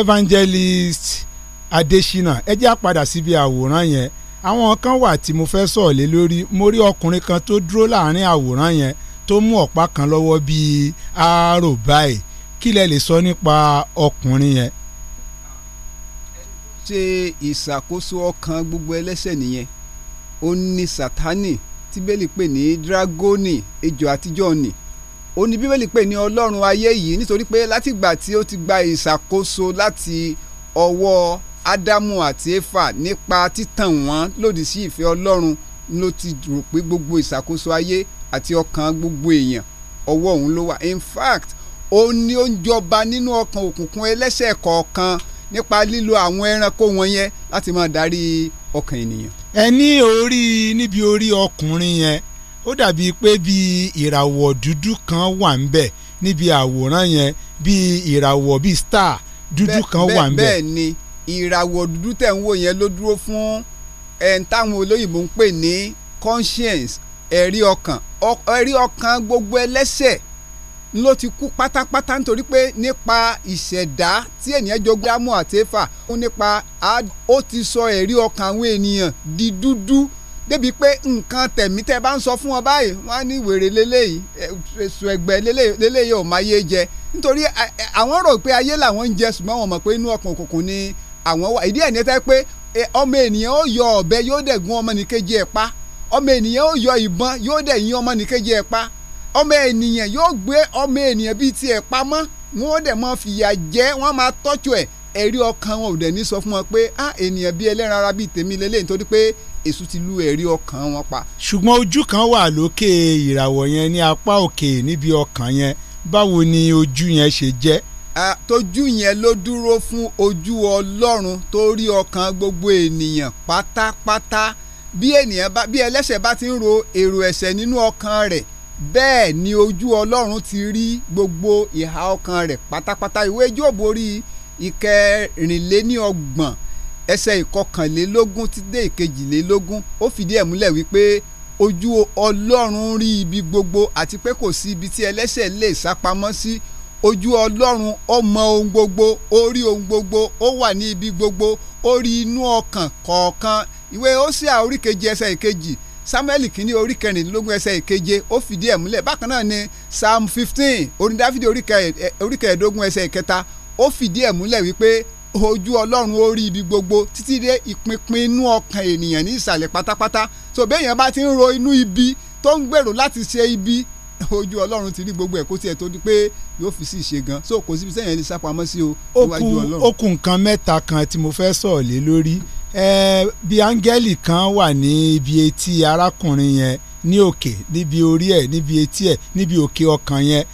evangelist Adesina ẹ jẹ́ àpadà síbi àwòrán yẹn àwọn kan wà tí mo fẹ́ sọ̀rọ̀ lé lórí mo rí ọkùnrin kan tó dúró láàrin àwòrán yẹn tó mú ọ̀pá kan lọ́wọ́ bíi àárò báyìí kí lẹ lè sọ nípa ọkùnrin yẹn. ṣe ìṣàkóso ọkàn gbogbo ẹlẹ́ṣẹ̀ nìyẹn ó ní sátánì tíbélì pè ní dragoni ejò àtijọ́ ni ó ní bíbélì pè ní ọlọ́run ayé yìí nítorí pé látìgbà tí ó ti gba ìṣàkóso láti ọwọ́ ádámù àti éfà nípa títàn wọ́n lòdì sí ìfẹ́ ọlọ́run ló ti rò pé gbogbo ìṣàkóso ayé àti ọkàn gbogbo èèyàn ọwọ́ òun ló wà in fact ni ó ń jọba nínú ọkàn òkùnkùn ẹlẹ́ṣẹ̀ kọ̀ọ̀kan nípa lílo àwọn ẹranko wọn yẹn láti máa darí ọkàn ènìyàn. ẹ ní orí níbi orí ọkùnrin yẹn ó dàbíi pé bí ìràwọ̀ dúdú kan wà ń bẹ̀ níbi àwòrán yẹn bí ìràwọ̀ bí star dúdú kan wà ń bẹ̀. bẹ́ẹ̀ ni ìràwọ̀ dúdú tẹ̀ ń wò yẹn ló dúró fún ẹn eh, táwọn olóyìnbó ń pè ní conscience ẹ̀rí ọkàn ẹ̀rí ọkàn gbogbo ẹlẹ́ṣẹ̀ ló ti kú pátápátá nítorí pé nípa ìṣẹ̀dá tí ènìyàn jogún ámú àtẹ́fà ó nípa ó ti sọ ẹ̀rí ọkàn àwọn ènìyàn di dúdú débi pé nǹkan tẹ̀mí tẹ́ bá ń sọ fún wọn báyìí wọ́n á ní wèrè léléyìí èso ẹgbẹ́ léléyìí ò máa yé jẹ nítorí àwọn rò pé ayé làwọn ń jẹ ṣùgbọ́n wọn mọ̀ pé inú ọkàn òkùnkùn ni àwọn wà ìdí ẹ̀ ní tẹ́ pé ọmọ ènìyàn ó yọ ọ̀bẹ yóò dẹ̀ gún ọmọnìkejì ẹ̀ pa ọmọ ènìyàn ó yọ ìbọn yóò dẹ̀ yín ọmọnìkejì ẹ̀ pa ọmọ ènìyàn yóò gbé ọmọ ènìyàn bíi tiẹ̀ pamọ́ wọn ó dẹ̀ máa fìyà jẹ wọn máa tọ́jú ẹ̀ ẹ̀rí ọkàn wọn ò dẹ̀ ní sọ fún wọn pé ah, ènìyàn bíi ẹlẹ́ran ara bíi tèmi lélẹ́yìn torí pé èṣù ti lu ẹ̀rí ọkàn wọn pa. ṣùgbọ́n ojú kan wà lókè ìràwọ̀ yẹn ní apá òkè níbi ọkàn yẹn báwo ni ojú yẹn ṣe jẹ́. tójú yẹn ló dúró fún ojú ọlọ́run tó rí ọkàn gbogbo ènìyàn pátápátá bí ènìyàn bá bí ẹlẹ́ṣẹ̀ bá ti ń ro èrò ẹ̀ṣẹ̀ nínú ọkàn rẹ̀ bẹ́ẹ̀ ni ojú ọlọ́run ti rí gbogbo ìhà ọkàn rẹ̀ pátápátá ìwé Jóòbù orí ìkẹrìnléníọgbọ̀n ẹsẹ̀ ìkọkànlélógún ti dé ìkejìlélógún ó fìdí ẹ̀ múlẹ̀ wípé ojú ọlọ́run rí ibi gbogbo àti pé kò sí ibi tí ẹlẹ́ṣẹ̀ lè sápamọ́ sí ojú ọlọ́run ó mọ ohun gbogbo ó rí ohun gbogbo ó wà ní ibi gbogbo ó rí inú ọkàn kọ̀ọ̀kan ìwé Hósíà orí keje ẹsẹ̀ ìkejì Sámúẹ́lì kínní orí kẹrìndínlógún ẹsẹ̀ ìkeje ó fìdí ẹ̀ múlẹ̀ bákan náà ni Psalm fifteen orin Dáfídì orí ẹsẹ̀ ìkẹta ó fìdí ẹ̀ múlẹ̀ wípé ojú ọlọ́run ó rí ibi gbogbo títí dé ìpinpin inú ọkàn ènìyàn ní ìsàlẹ̀ pátápátá tó béèyàn bá ti ń ro inú ibi tó ń gbèrò láti ṣe ibi ojú ọlọ́run ti rí gbogbo ẹ̀ kó tiẹ̀ tó di pé yóò fi sí ìṣe gan so kò síbi sẹ́yìn ẹni sápamọ́ sí o níwájú ọlọ́run. ó kù nǹkan mẹ́ta kan tí mo fẹ́ sọ̀rọ̀ lé lórí bí áńgẹ́lì kan wà ní ibi etí arákùnrin yẹn ní òkè níbi orí ẹ̀ níbi etí ẹ̀ níbi òkè ọkàn yẹn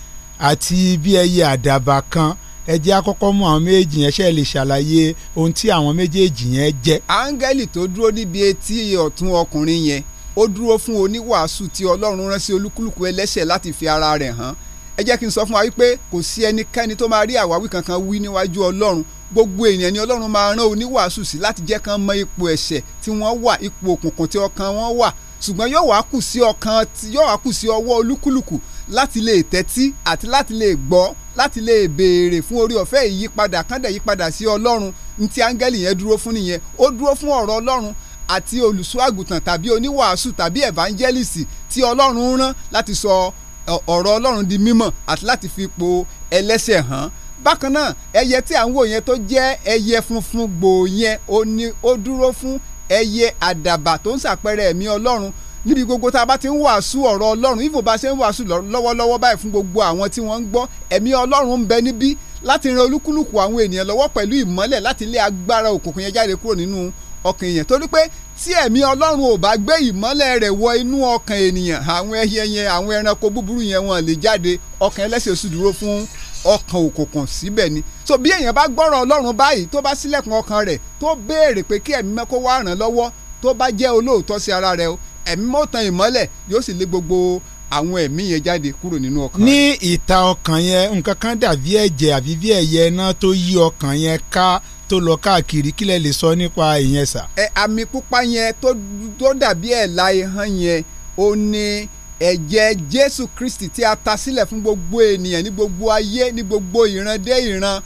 àti bí ẹyẹ àdàbà kan ẹ jẹ́ àkọ́kọ́ mú àwọn méjì yẹn ṣe lè ṣàlàyé ohun tí àwọn méjèèjì yẹn jẹ́. áńgẹ́lì tó dúró níbi etí ọ̀tún ọkùnrin yẹn ó dúró fún oníwàásù tí ọlọ́run rán sí olúkúlùkù ẹlẹ́ṣẹ̀ láti fi ara rẹ̀ hàn ẹ jẹ́ kí n sọ fún wa wípé kò sí ẹnikẹ́ni tó máa rí àwáwí kankan wí níwájú ọlọ́run gbogbo ènìyàn ni ọlọ́run máa rán oníwàásù sí láti jẹ́ kán mọ ipò ẹ̀ṣẹ̀ tí wọ́n wà ipò òkùnkùn tí ọkàn wọn wà ṣùgbọ́n yóò wá kù sí ọkàn yóò wá kù sí ọwọ́ olúkúlùkù láti lè tẹ́tí àti láti lè gbọ́ láti lè béèrè fún orí ọ̀fẹ́ ìyípadà kándẹ̀ yípadà sí ọlọ́run ntí áńgẹ́lì yẹn dúró fún nìyẹn ó dúró fún ọ̀rọ̀ ọlọ́run àti olùṣọ́àgùtàn tàbí oníwàásù tàbí evangelist tí ọlọ́run rán láti sọ ọ̀rọ̀ ọlọ́run di mímọ̀ àti láti fi po ẹlẹ́sẹ̀ hàn bákan náà ẹyẹ tí à ń wò yẹn tó jẹ́ ẹyẹ funfun gbòò yẹn ó ní ó dúró fún ẹyẹ àdàbà tó ń ṣàpẹẹrẹ ẹ̀mí ọlọ́run níbi gbogbo tá a bá ti ń wàásù ọ̀rọ̀ ọlọ́run ifo bá ṣe ń wàásù lọ́wọ́lọ́wọ́ báyìí fún gbogbo àwọn tí wọ́n ń gbọ́ ẹ̀mí ọlọ́run ń bẹ níbí láti ran olúkúlùkù àwọn ènìyàn lọ́wọ́ pẹ̀lú ìmọ́lẹ̀ láti lé agbára òkùnkùn yẹn jáde kúrò nínú ọkàn èèyàn torí pé tí ẹ̀mí ọlọ́run ò bá gbé ìmọ́lẹ̀ rẹ̀ wọ inú ọkàn ènìyàn àwọn ẹyẹ yẹn àwọn ẹranko búburú yẹn wọn lè jáde ọkàn ẹlẹ́sẹ̀ oṣù dúró fún ọkàn òkùnkùn síbẹ̀ ni so bí èèyàn bá gbọ́rọ̀ ọlọ́run báyìí tó bá sílẹ̀kùn ọkàn rẹ̀ tó béèrè pé kí ẹ̀mí mẹ́kọ́ wá ràn lọ́wọ́ tó bá jẹ́ olóòótọ́ sí ara rẹ̀ o ẹ̀mí mọ́tàn ìmọ́lẹ̀ yóò sì lé gbogbo àwọn ẹ̀mí yẹn jáde kúrò nínú ọkàn. ní ìta ọkàn yẹn nǹkan kan dàbí ẹ̀jẹ̀ àbí bí ẹ̀yẹ náà tó yí ọkàn yẹn ká tó lọ káàkiri kílẹ̀ lè sọ nípa ìyẹn sà. ẹ àmì pupa yẹn tó dàbí ẹ̀la ihàn yẹn ó ní ẹ̀jẹ̀ Jésù Kristi tí a ta sílẹ̀ fún gbogbo ènìyàn ní gbogbo ayé ní gbogbo ìran dé ìran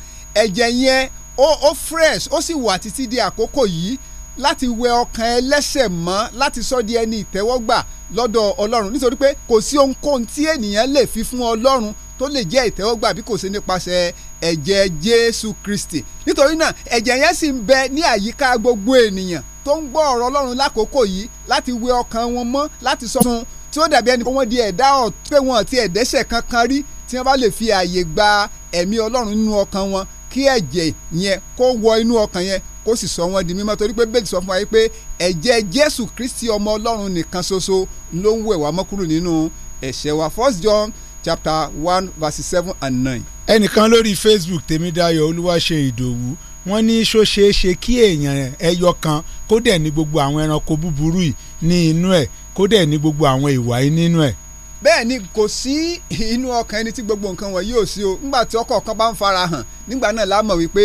ẹ̀jẹ̀ yẹn ó fresh ó sì wà títí di àkókò yìí láti wẹ ọkàn ẹlẹ́ṣẹ̀ mọ́ láti sọ di ẹni ìtẹ́wọ́gbà lọ́dọ̀ ọlọ́run nítorí pé kò sí ohunkóhun tí ènìyàn lè fi fún ọlọ́run tó lè jẹ́ ìtẹ́wọ́gbà bí kò sí nípasẹ̀ ẹ̀jẹ̀ jésù kristi nítorí náà ẹ̀jẹ̀ yẹn sì ń bẹ ní àyíká gbogbo ènìyàn tó ń gbọ́ ọ̀rọ̀ ọlọ́run lákòókò yìí láti wẹ ọkàn wọn mọ́ láti sọ fún tí ó dàbí ẹni pé wọ́n di ẹ̀dá ọ̀tún pé wọn ti ẹ̀dẹ́ṣẹ̀ kankan rí tí wọ́n bá lè fi àyè gba ẹ̀mí ọlọ́run nínú ọkàn wọn kí ẹ̀jẹ̀ yẹn kó wọ inú ọkàn yẹn kó sì sọ wọ́n di mímọ́ torí pé bẹ́ẹ̀ sọ fún wa yìí pé ẹ̀jẹ̀ Jésù Kristi ọmọ Ọlọ́run nìkan ṣoṣo ló ń wẹ̀ wá mọ́ kúrò nínú ẹ̀ṣẹ̀ wa First John chapter one verse seven and nine. ẹnìkan lórí Facebook Tèmídayọ̀ Olúwaṣe Ìdòwú wọ́n ní ṣó ṣeé ṣe kí èèyàn ẹyọ kan kó dẹ̀ ní gbogbo àwọn ẹranko búburú yìí ní inú ẹ̀ kó dẹ̀ ní gbogbo àwọn ìwà yìí nínú ẹ̀ bẹ́ẹ̀ ni kò sí inú ọkàn ẹni tí gbogbo nǹkan wọ̀nyí ò sí o ńgbà tí ọkọ̀ kan bá ń fara hàn nígbà náà la mọ̀ wípé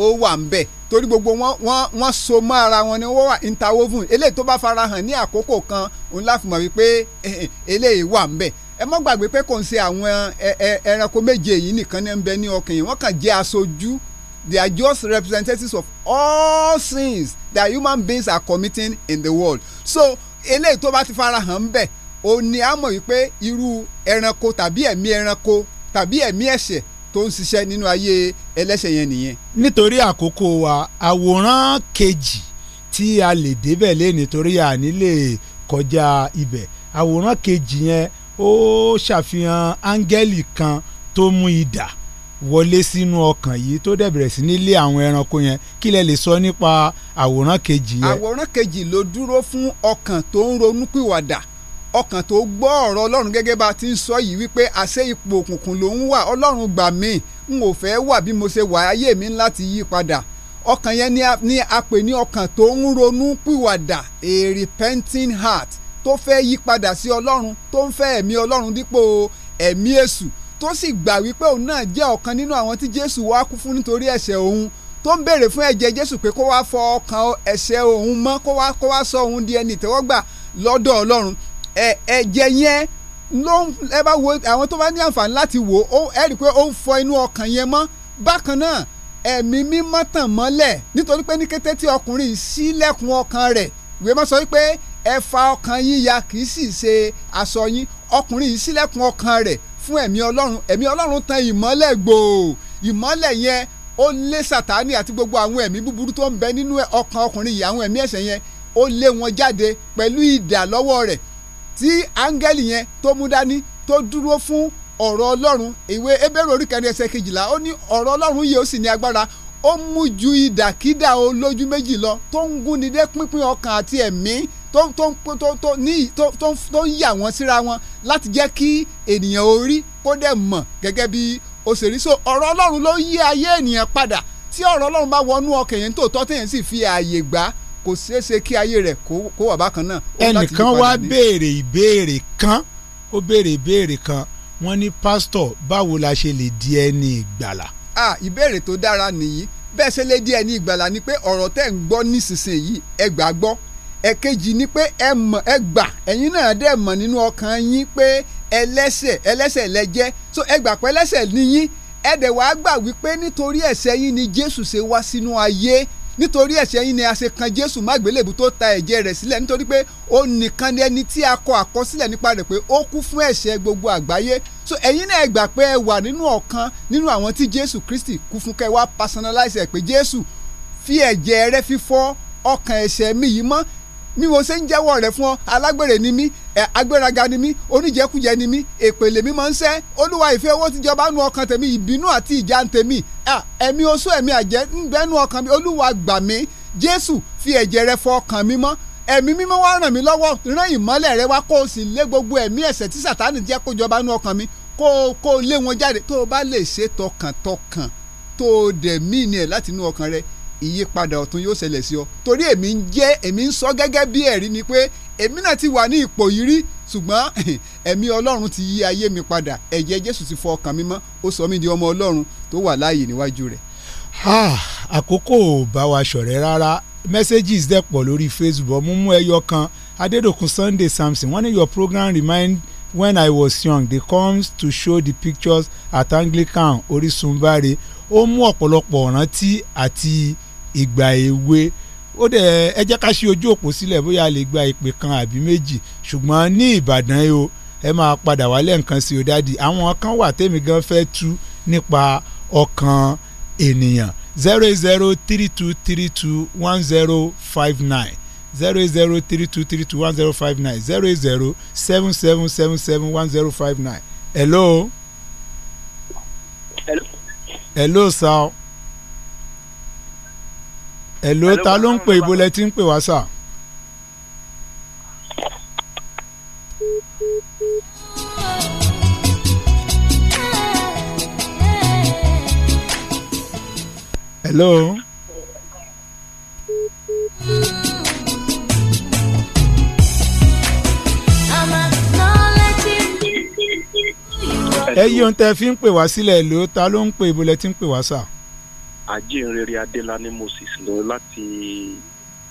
ó wà ń bẹ̀ torí gbogbo wọn wọn so mọ́ ara wọn ni wọ́n wà interwoven eléyìí tó bá farahàn ní àkókò kan òun láfi mọ̀ wípé eléyìí wà ń bẹ̀ ẹ mọ́ gbàgbé pé kò ń ṣe àwọn ẹranko méje yìí nìkan ní ń bẹ ní ọkàn yìí wọ́n kàn jẹ́ aṣojú they are just representatives of all sins that human beings are committing in the world so eléyìí tó bá ti farahàn ń bẹ̀ òun ni a mọ̀ wípé irú ẹranko tàbí ẹ̀mí ẹranko tàbí ẹ̀mí ẹ̀ṣẹ̀ tó ń ṣiṣẹ́ nínú ayé ẹlẹ́sẹ̀ yẹn nìyẹn. nítorí àkókò wa àwòrán kejì tí a lè débẹ̀ lé nítorí àní lè kọjá ibẹ̀ àwòrán kejì yẹn ó ṣàfihàn áńgẹ́lì kan tó mú idà wọlé sínú ọkàn yìí tó dẹ̀ bẹ̀rẹ̀ sí ní lé àwọn ẹranko yẹn kí lẹ lè sọ nípa àwòrán kejì yẹn. àwòrán kejì ló dúró fún ọkàn tó ń ronúpìwàdà ọkàn tó gbọ́ ọ̀rọ̀ ọlọ́run gẹ́gẹ́ bá a ti ń sọ yìí wípé àṣẹ ipò òkùnkùn ló wà ọlọ́run gbà mí n ò fẹ́ wà bí mo ṣe wà ayé mi láti yí padà ọkàn yẹn ni a pè ní ọkàn tó ń ronú pìwàdà a repenting heart tó fẹ́ yí padà sí ọlọ́run tó ń fẹ́ ẹ̀mí ọlọ́run dípò ẹ̀mí èṣù tó sì gbà wípé òun náà jẹ́ ọ̀kan nínú àwọn tí jésù wá kú fún nítorí ẹ̀ṣẹ̀ òun tó ń béèrè fún ẹ̀jẹ̀ jésù pé kó wá fọ ọkàn ẹ̀ṣẹ̀ òun mọ́ kó wá sọ òun di ẹni ìtẹ́wọ́gbà lọ́dọ̀ ọlọ́run ẹ̀jẹ̀ yẹn ló ń ẹ bá wo àwọn tó bá ní àǹfààní láti wò ó ẹ rí i pé ó ń fọ inú ọkàn yẹn mọ́ bákan náà ẹ̀mí mímọ́ tàn mọ́lẹ̀ nítorí pé ní kété tí ọkùnrin ṣílẹ̀kùn ọkàn rẹ̀ ìwé mọ́ sọ wípé ẹ fa ọkàn yín ya kì í sì ṣe aṣọ yín ọkùnrin ṣílẹ̀kùn ọkàn rẹ̀ fún ẹ̀mí ọlọ́run ẹ̀mí ọlọ́run tan ìmọ́lẹ̀ gbòò ìmọ́lẹ̀ yẹn ó lé sàtáni àti gbogbo àwọn ẹ̀mí búburú tó ń bẹ nínú ọkàn ọkùnrin yìí àwọn ẹ̀mí ẹ̀ṣẹ̀ yẹn ó lé wọn jáde pẹ̀lú idà lọ́wọ́ rẹ̀ tí áńgẹ́lì yẹn tó mú dání tó dúró fún ọ̀rọ̀ ọlọ́run ìwé ebèrè orí kẹrin ẹsẹ̀ kejìlá ó ní ọ̀rọ̀ ọlọ́run yìí ó sì ní agbára ó mú ju ìdàkídà olójú méjì lọ tó ń gúnni dé pínpín ọkàn àti ẹ̀mí tó tó tó tó ní tó tó tó ń yà wọ́n síra wọn láti jẹ́ kí ènìyàn orí kó dẹ̀ mọ̀ gẹ́gẹ́ bí òṣèré so ọ̀rọ̀ ọlọ́run ló yí ayé ènìyàn padà tí ọ̀rọ̀ ọlọ́run bá wọnú ọkàn yẹn tó tọ́ tẹ̀yẹ̀ sì fi ààyè gbà á kò ṣeé ṣe kí ayé rẹ̀ kó wà bákan náà. ẹnìkan wá béèrè ìbéèrè kan ó béèrè ìbéèrè kan wọ́n ní pásítọ̀ báwo la ṣe lè di ẹni ìgbàlà. a ìbéèrè tó dára nìyí bẹ́ẹ̀ ṣe lè di ẹni ìgbàlà ni pé ọ̀rọ̀ tẹ́ ń gbọ́ nísinsìnyí ẹ gbà gbọ́ ẹ̀kejì ni pé ẹ mọ̀ ẹ gbà ẹ̀yin náà dẹ̀ mọ̀ nínú ọkàn yín pé ẹlẹ́ṣẹ̀ ẹlẹ́ṣẹ̀ lẹ so ẹ gbà pé ẹlẹ́ṣẹ̀ ni yín ẹ dẹ̀ wá gbà wípé nítorí ẹ̀ṣẹ̀ yín ni Jésù ṣe wá sínú ayé nítorí ẹ̀ṣẹ̀ yín ni a ṣe kan Jésù mágbélébù tó ta ẹ̀jẹ̀ rẹ̀ sílẹ̀ nítorí pé ó nìkan ni ẹni tí a kọ àkọsílẹ̀ nípa rẹ̀ pé ó kú fún ẹ̀ṣẹ̀ gbogbo àgbáyé so ẹ̀yin náà gbà pé ẹ wà nínú ọ̀kan nínú àwọn tí Jésù Kristi kú fún kẹ́ wá personalize ẹ̀ pé Jésù fi ẹ̀jẹ̀ rẹ̀ fi fọ́ ọkàn ẹ̀ṣẹ̀ mi yìí mọ́ mi wo ṣe ń jẹ́wọ́ rẹ̀ fún ọ alágbèrè ni mí agbéraga ni mí oníjẹkújẹ ni mí èpèlè mi máa ń sẹ́ olúwa ìfẹ́ owó nu ọkàn tèmi ìbínú àti ìjà tèmi ẹ̀mí oṣù ẹ̀mí àjẹ́ ń ọkàn mi olúwa gbà jésù fi ẹ̀jẹ̀ rẹ fọ ọkàn mi mọ́ ẹ̀mí mímọ́ wá ràn mí lọ́wọ́ rán ìmọ́lẹ̀ wá kó o lé gbogbo ẹ̀mí tí sàtánì jẹ́ kó ọkàn mi kó lé wọn jáde tó bá lè ṣe tọkàntọkàn tó o dẹ̀ láti inú ọkàn rẹ èmi náà ti wà ní ipò yìí rí ṣùgbọ́n ẹ̀mí ọlọ́run ti yí ayé mi padà ẹ̀jẹ̀ jésù ti fọ ọkàn mi mọ́ ó sọ mí di ọmọ ọlọ́run tó wà láàyè níwájú rẹ̀. àkókò ò bá wa ṣọ̀rẹ́ rárá messages dẹ̀ pọ̀ lórí facebook mú mú ẹyọ kan adédokun sunday samson wọ́n ní your program remind when i was young they come to show the pictures at anglican orísun báre ó mú ọ̀pọ̀lọpọ̀ ọ̀rántí àti ìgbà èwe ó dẹ̀ ẹ jẹ́ ká ṣe ojú òpó sílẹ̀ bóyá a lè gba ìpè kan àbí méjì ṣùgbọ́n ní Ìbàdàn yìí o ẹ máa padà wálé nǹkan sí o dáàdi àwọn kan wà tèmi gan fẹ́ tú nípa ọkàn ènìyàn zero eight zero three two three two one zero five nine zero eight zero three two three two one zero five nine zero eight zero seven seven seven seven one zero five nine hello hello sir ẹ ló ta ló ń pè ibo lẹ ń pè wá sà. hello. ẹ yí ohun tẹ́ fi ń pè wá sílẹ̀ ló ta ló ń pè ibo lẹ ń pè wá sà ajínrere adélani moses lọ láti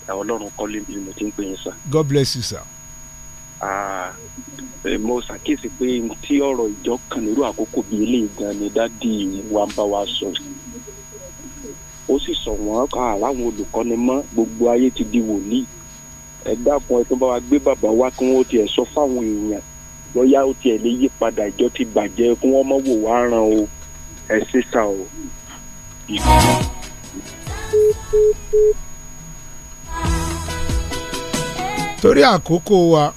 eh, ọlọ́run kọ́lé mi mo ti ń pè yín sá. god bless you sir. Ah, eh, mo ṣàkíyèsí pé tí ọ̀rọ̀ ìjọ kan nírú àkókò bíi eléyìí gan ni dádì wa ń bá wa sọ ó sì sọ wọn ká àwọn olùkọ́ni mọ́ gbogbo ayé ti di wòlíì ẹ dákun ẹ tó bá wa gbé bàbá wa kí wọn ó tiẹ̀ sọ fáwọn èèyàn lọ́yà ó tiẹ̀ lè yí padà ìjọ ti bàjẹ́ kí wọ́n mọ̀ wò wá ràn o ẹ ṣe sá o torí àkókò wa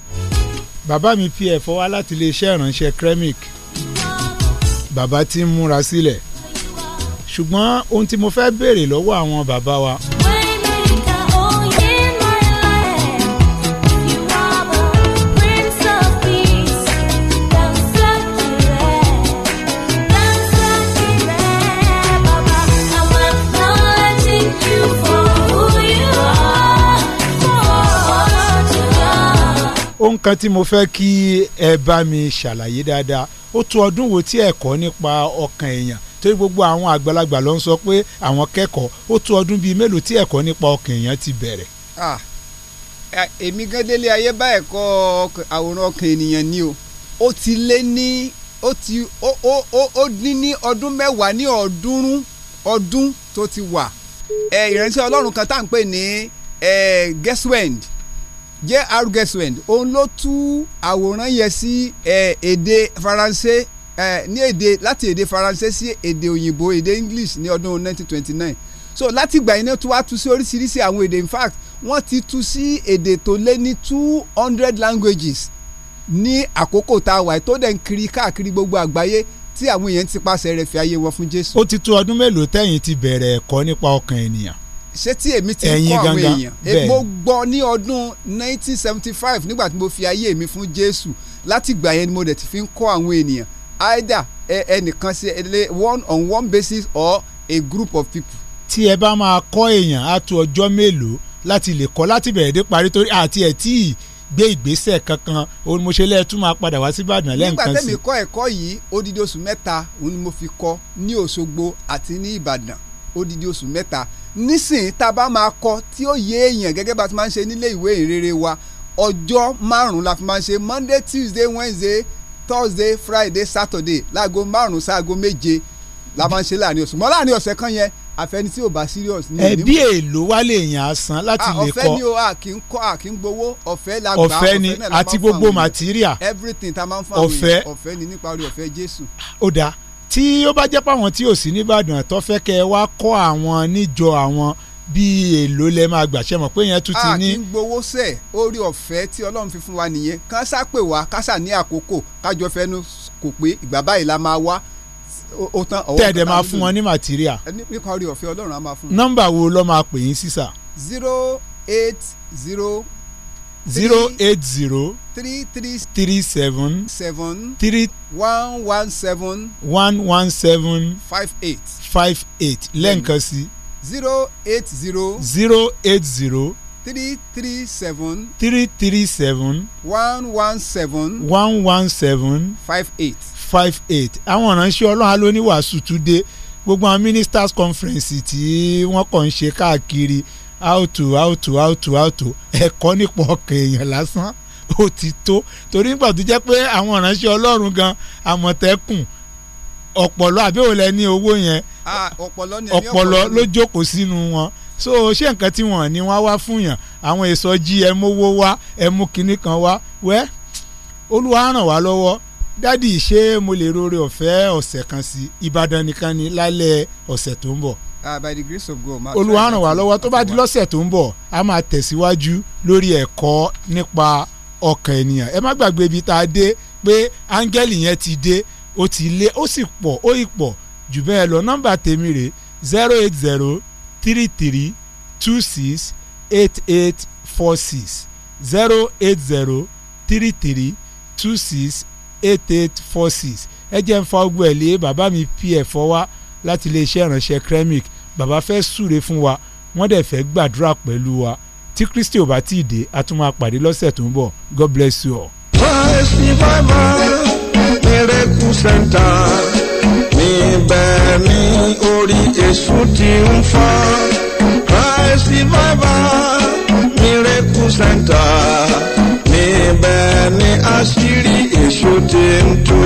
bàbá mi fi ẹ̀fọ́ wá láti iléeṣẹ́ ìránṣẹ́ kremik bàbá ti ń múra sílẹ̀ ṣùgbọ́n ohun tí mo fẹ́ béèrè lọ́wọ́ àwọn bàbá wa. ohun kan tí mo fẹ́ kí ẹ bá mi ṣàlàyé dáadáa ó tó ọdún wo tí ẹ̀kọ́ nípa ọkàn èèyàn torí gbogbo àwọn àgbàlagbà ló ń sọ pé àwọn kẹ́kọ̀ọ́ ó tó ọdún bíi mélòó tí ẹ̀kọ́ nípa ọkàn èèyàn ti bẹ̀rẹ̀. èmi gan délé ayé bá ẹ̀kọ́ àwòrán ọkàn ènìyàn ni o ó ti lé ní ó ti ó dín ní ọdún mẹ́wàá ní ọ̀ọ́dúnrún ọdún tó ti wà ìránṣẹ́ ọlọ́run kan tá à ń pè ní Geswend J.R. Gershwin òun ló tú àwòrán yẹn sí èdè Faransé ní èdè láti èdè Faransé sí èdè òyìnbó èdè English ní ọdún 1929 so láti ìgbà yẹn tó wá tú sí oríṣiríṣi àwọn èdè in fact wọ́n ti tú sí èdè tó lé ní two hundred languages ní àkókò tá a wà tó dẹ̀ ń kiri káàkiri gbogbo àgbáyé tí àwọn èèyàn ti pàṣẹ rẹ̀ fi ayé wọn fún Jésù. ó ti tó ọdún mélòó tẹ́yìn ti bẹ̀rẹ̀ ẹ̀kọ́ nípa ọkàn ènìyàn ṣé tí èmi ti ń kọ́ àwọn èèyàn mo gbọ́ ní ọdún 1975 nígbà tí mo fi ayé mi fún Jésù láti gbà yẹn ni mo dẹ̀ ti fi ń kọ́ àwọn ènìyàn either ẹnìkan ṣe one on one basis or a group of people. tí ẹ bá máa kọ́ èèyàn á tó ọjọ́ mélòó láti lè kọ́ láti bẹ̀rẹ̀ dé parí torí àti ẹ̀ tí ì gbé ìgbésẹ̀ kankan òun mo ṣe lẹ́ẹ̀tún máa padà wá sí Ìbàdàn lẹ́ǹkan sí. nígbà tẹ́mi kọ́ ẹ̀kọ́ yìí odidi oṣù mẹ́ta ni mo fi kọ́ ní Òṣogbo àti ní Ìbàdàn odidi oṣù mẹ́ta nísìnyí tá a bá máa kọ tí ó yé èèyàn gẹ́gẹ́ bá a ti máa ń ṣe nílé ìwé ìrere wa ọjọ́ márùn-ún la fi máa ń ṣe Monday Tuesday Wednesday Thursday Friday Saturday láago márùn-ún sáago méje la máa ń ṣe láàrin oṣù mọ́ láàrin ọ̀sẹ̀ kan yẹn àfẹni tí ò bá serious ní ìdí ẹbí èlò wa lè yàn á san láti ah, lè kọ. ọ̀fẹ́ ni o a kì í kọ́ a kì í gbowó ọ̀fẹ́ la gbà ọ̀fẹ́ ni àti gbogbo material. everything ta máa ń fún àwọn èèyàn ọ̀fẹ́ ni nípa orí ọ̀fẹ́ Jésù. ó dáa tí ó bá jẹ́ pàwọn tí ò sí nìbàdàn tó fẹ́ kẹ́ ẹ wá kọ́ àwọn níjọ àwọn bíi èlò lẹ máa gbà ṣe mọ̀ pé yẹn tún ti ní. a kì í gbowó sẹ̀ orí ọ̀fẹ́ tí ọlọ́run fi fún wa nìyẹn kán sá pè wá kásà ní àkókò kájọ fẹ́nu kò pé ìgbà báyìí la máa wá ó tán tẹ̀dẹ̀ máa fún wọn ní màtíríà. nípa orí ọ̀fẹ́ ọlọ́run á máa fún wọn. nọ́mbà wo ló máa pè yín sísà. zero eight zero zero eight zero three three three seven seven three one one seven one one seven five eight five eight lẹ́ǹkan sí. zero eight zero zero eight zero three three seven three three seven one one seven one one seven five eight five eight àwọn ìránṣẹ́ ọlọ́run alóníwàásù tún dé gbogbo àwọn ministers conference tí wọ́n kàn ń ṣe káàkiri how to how to how to how to ẹ̀kọ́ nípa ọkàn èèyàn lásán ó ti tó torí nígbà tó jẹ́ pé àwọn ìránṣẹ́ ọlọ́run gan àmọ̀tẹ́kùn ọpọlọ àbí òun ẹni owó yẹn ọpọlọ ló jókòó sínú wọn so ṣé nǹkan tí wọ́n ní wọ́n wá fún yàn àwọn ìsọjí ẹ mówó wá ẹ mú kinní kan wá wẹ́ olúwa ràn wá lọ́wọ́ dádì ṣé mo lè rore ọ̀fẹ́ ọ̀sẹ̀ kan sí Ìbàdàn nìkan ni lálẹ́ ọ̀sẹ̀ tó ń bọ̀. Ah, by the grace of God. Olúwa ràn wá lọ́wọ́ tó bá di lọ́sẹ̀ tó ń bọ̀ a máa tẹ̀síwájú lórí ẹ̀kọ́ nípa ọkàn ènìyàn ẹ má gbàgbé ibi tá a dé pé áńgẹ́lì yẹn ti dé ó ti lé ó sì pọ̀ ó ì pọ̀ jù bẹ́ẹ̀ lọ nọ́mbà tèmi rè zero eight zero three three two six eight eight four six zero eight zero three three two six eight eight four six ẹ jẹ́ ń fa ogun ẹ̀ lé bàbá mi pf fọwá láti iléeṣẹ́ ìránṣẹ́ kremik bàbá fẹ́ súre fún wa wọ́n dẹ̀ fẹ́ gbàdúrà pẹ̀lú wa tí kristi ò bá tí ì dé a tún máa pàdé lọ́sẹ̀ tó ń bọ̀ god bless you all. praise the bible miracle níbẹ̀ ni orí èṣù ti ń fọ́ christ the bible miracle níbẹ̀ ni àṣírí èṣù ti ń tú.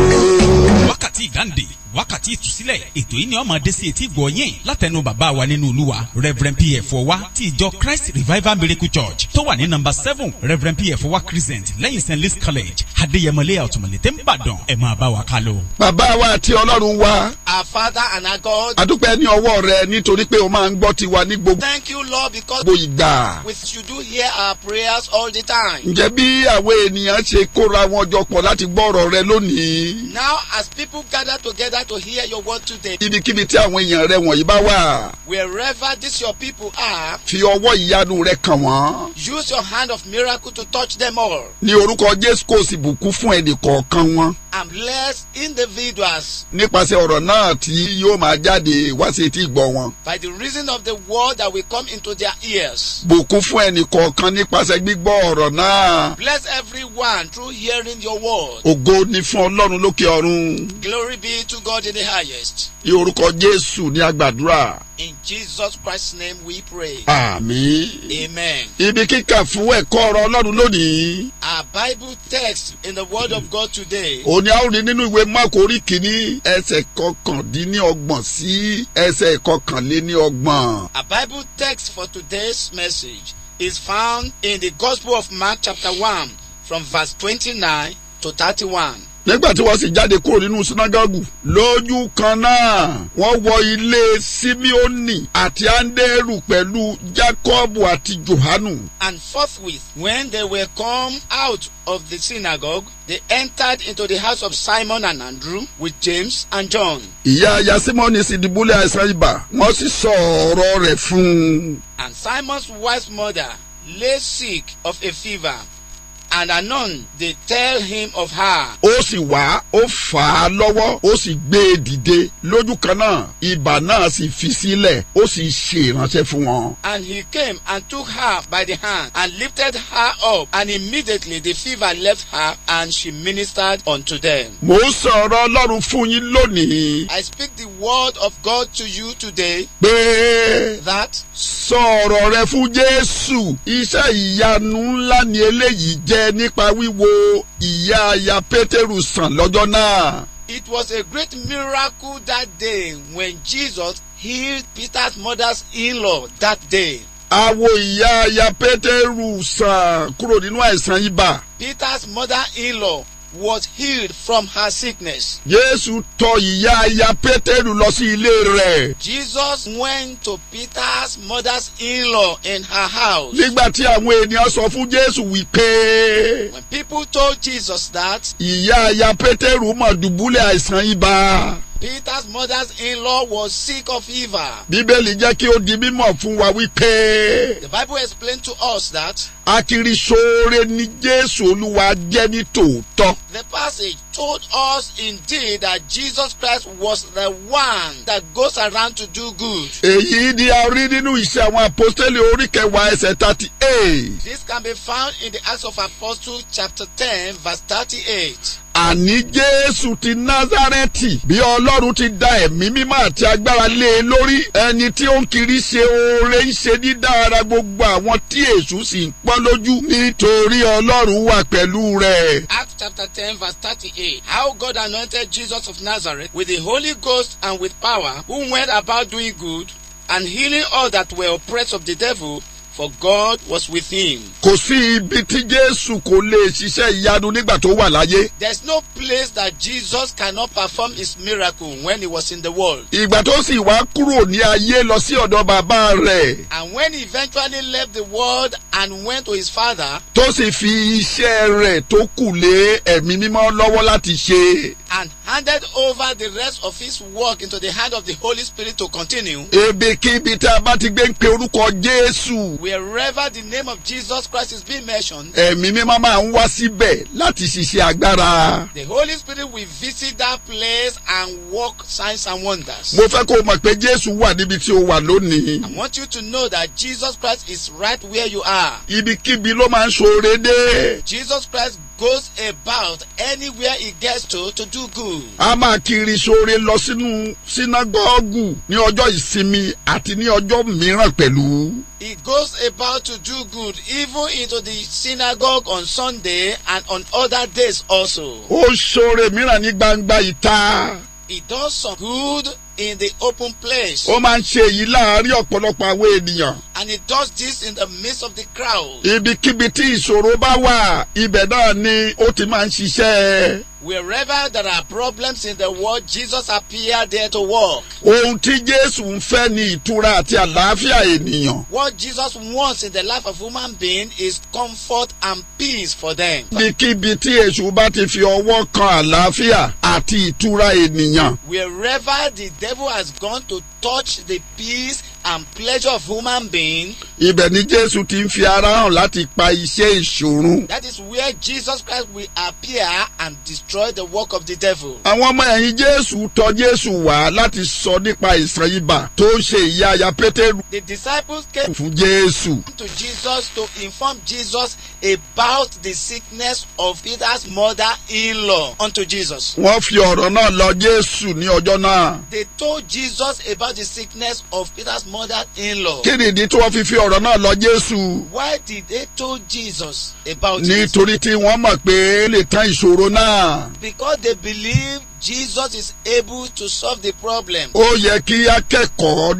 wákàtí ìdáǹdè wákàtí ìtúsílẹ̀ ètò yìí ni ó máa sí etí ìgbọ́ látẹnu bàbá wa nínú olúwa reverend pf ọwa ti ìjọ christ revival miracle church tó wà ní number seven reverend pf ọwa crescent lẹ́yìn st louis college adéyẹmọlẹ́ àtùmọ̀lẹ́tẹ̀ ń bàdàn ẹ̀ máa bá wa kálọ. bàbá wa àti ọlọ́run wa. our father and our god. àdúpẹ́ ní ọwọ́ rẹ nítorí pé o máa ń gbọ́ tiwa ní gbogbo. thank you lord because. gbogbo ìgbà. we should do hear our prayers all the time. ǹjẹ́ bí àwọn ènìyàn ṣe kóra wọn jọ pọ̀ láti gbọ́ ọ̀rọ̀ rẹ lónìí. now as people gather together to hear your word today. ibikíbi tí àwọn èèyàn rẹ wọ̀nyí bá wà. wherever these your people are. fi ọwọ́ ìyanu rẹ kàn wọ́n. use your hand of miracle to touch them all. ní orúkọ jésù kò sì bùkún fún ẹnì wọn. and bless individuals. nípasẹ̀ ọ̀rọ̀ náà tí yóò máa jáde wá sí etí ìgbọ́ wọn. by the reason of the word that will come into their ears. bùkún fún ẹnì nípasẹ̀ gbígbọ́ ọ̀rọ̀ náà. bless everyone through hearing your word. ògo ni fún ọlọ́run lókè ọ̀run. glory be to God God in the highest. Ní orúkọ Jésù ní agbàdúrà. In Jesus Christ's name we pray. Àmì. Amen. Ibi kíkà fún ẹ̀kọ́ ọ̀rọ̀ Ọlọ́run lónìí. Our Bible text in the word of God today. Òní a ó nínú ìwé Máàkù orí kìíní ẹsẹ̀ kọkàndínlọ́gbọ̀n sí ẹsẹ̀ kọkànléníọgbọ̀n. Our Bible text for today's message is found in the Gospel of Mark chapter one from verse twenty-nine to thirty-one nígbà tí wọ́n sì jáde kúrò nínú sinagogu lójú kan náà wọ́n wọ ilé simeoni àti anderu pẹ̀lú jacob àti johanu. and forthwith when they were come out of the synagogue they entered into the house of simon and andrew with james and john. ìyá aya simoni sì dìbúlẹ̀ àìsàn ibà wọ́n sì sọ ọ̀rọ̀ rẹ̀ fún un. and simon's wife's mother lay sick of a fever and anon they tell him of her. ó sì wá ó fà á lọ́wọ́ ó sì gbé e dìde lójú kan náà ibà náà sì fi sílẹ̀ ó sì ṣe ìránṣẹ́ fún wọn. and he came and took her by the hand and lifted her up and immediately the fever left her and she ministered unto them. mo ń sọ̀rọ̀ ọlọ́run fún yín lónìí. I speak the word of God to you today. pé that. sọ̀rọ̀ rẹ fún Jésù iṣẹ́ ìyanu ńlá ni eléyìí jẹ́ nípa wíwo ìyá aya pétérù sàn lọ́jọ́ náà. It was a great miracle that day when Jesus healed Peter's mother's in-law that day. A ìyá aya pétérù sàn kúrò nínú àìsàn ibà. Peter's mother-in-law was healed from her sickness. Jésù tọ ìyá aya Pétérù lọ sí ilé rẹ̀. Jesus went to Peter's mother's in-law in her house. Nígbà tí àwọn ènìyàn sọ fún Jésù wípé. When people told Jesus that. Ìyá aya Pétérù mọ̀ dùbúlẹ̀ àìsàn ibà. Peter's mother's in-law was sick of fever. Bíbélì jẹ́ kí ó di mímọ̀ fún wa wípé. The bible explained to us that. A sóore ní Jésù Olúwa jẹ́ ní tòótọ́. The passage told us indeed that Jesus Christ was the one that goes around to do good. Èyí ni a rí nínú ìṣe àwọn apostoli orí kẹwàá ẹsẹ̀ thirty eight. This can be found in the Acts of Apostles chapter ten verse thirty eight àní jésù ti nazareti bí ọlọ́run ti da ẹ̀mí mímọ́ àti agbára lé e lórí ẹni tí ó ń kiri ṣe oore ń ṣe dídá ara gbogbo àwọn tí èṣù sì ń pọ́n lójú nítorí ọlọ́run wà pẹ̀lú rẹ̀. Acts chapter ten verse thirty-eight How God anointed Jesus of Nazareth with the Holy Ghost and with power who went about doing good and healing all that were oppressed of the devil for God was with him. kò sí ibi tí Jésù kò lè ṣiṣẹ́ ìyanu nígbà tó wà láyé. there is no place that Jesus cannot perform his miracle when he was in the world. ìgbà tó sì wá kúrò ní ayé lọ sí ọ̀dọ̀ bàbá rẹ̀. and when he eventually left the world and went to his father. tó sì fi iṣẹ́ rẹ̀ tó kù lé ẹ̀mí mímọ́ lọ́wọ́ láti ṣe and handed over the rest of his work into the hand of the Holy Spirit to continue. Ebikíbi tá a bá ti gbé ń pe orúkọ Jésù. Wherever the name of Jesus Christ is being mentioned. Ẹ̀mí mímọ́ máa ń wá síbẹ̀ láti ṣiṣẹ́ agbára. The Holy Spirit will visit that place and work signs and wonders. Mo fẹ́ kó o mọ̀ pé Jésù wà níbi tí o wà lónìí. I want you to know that Jesus Christ is right where you are. Ibikíbi ló máa ń ṣoore dé. Jesus Christ goes about anywhere he gets to to do good. a máa kiri sóore lọ sínú sínágọ́gù ní ọjọ́ ìsinmi àti ní ọjọ́ mìíràn pẹ̀lú. He goes about to do good even into the synagogue on Sunday and on other days also. ó sóore mìíràn ní gbangba ìta. He does some good in the open place. ó máa ń ṣe èyí láàárín ọ̀pọ̀lọpọ̀ àwọn ènìyàn. and he does this in the midst of the crowd. ibikíbi tí ìṣòro bá wà ibẹ̀ náà ni ó ti máa ń ṣiṣẹ́. Wherever there are problems in the world, Jesus appeared there to work. Ohun tí Jésù ń fẹ́ ni ìtura àti àlàáfíà ènìyàn. What Jesus wants in the life of human being is comfort and peace for them. Níbikíbi tí èṣù bá ti fi ọwọ́ kan àlàáfíà àti ìtura ènìyàn. Wherever the devil has gone to touch the peace and pleasure of human being. ibẹ̀ ni jésù ti ń fi ara hàn láti pa iṣẹ́ ìṣòro. that is where Jesus Christ will appear and destroy the work of the devil. àwọn ọmọ ẹ̀yìn jésù tọ̀ jésù wá láti sọ nípa ìsàn ibà tó ń ṣe ìyá ya pétérù. the disciples came fún jésù. to Jesus to inform Jesus about the sickness of Peter's mother-in-law unto Jesus. wọ́n fi ọ̀rọ̀ náà lọ jésù ní ọjọ́ náà. they told Jesus about the sickness of Peter's mother-in-law mother-in-law. kí ni ìdí tí wọ́n fi fi ọ̀rọ̀ náà lọ Jésù. why did they tell Jesus about it. nítorí tí wọ́n mọ̀ pé lè tán ìṣòro náà. because they believe Jesus is able to solve the problem. ó yẹ kí a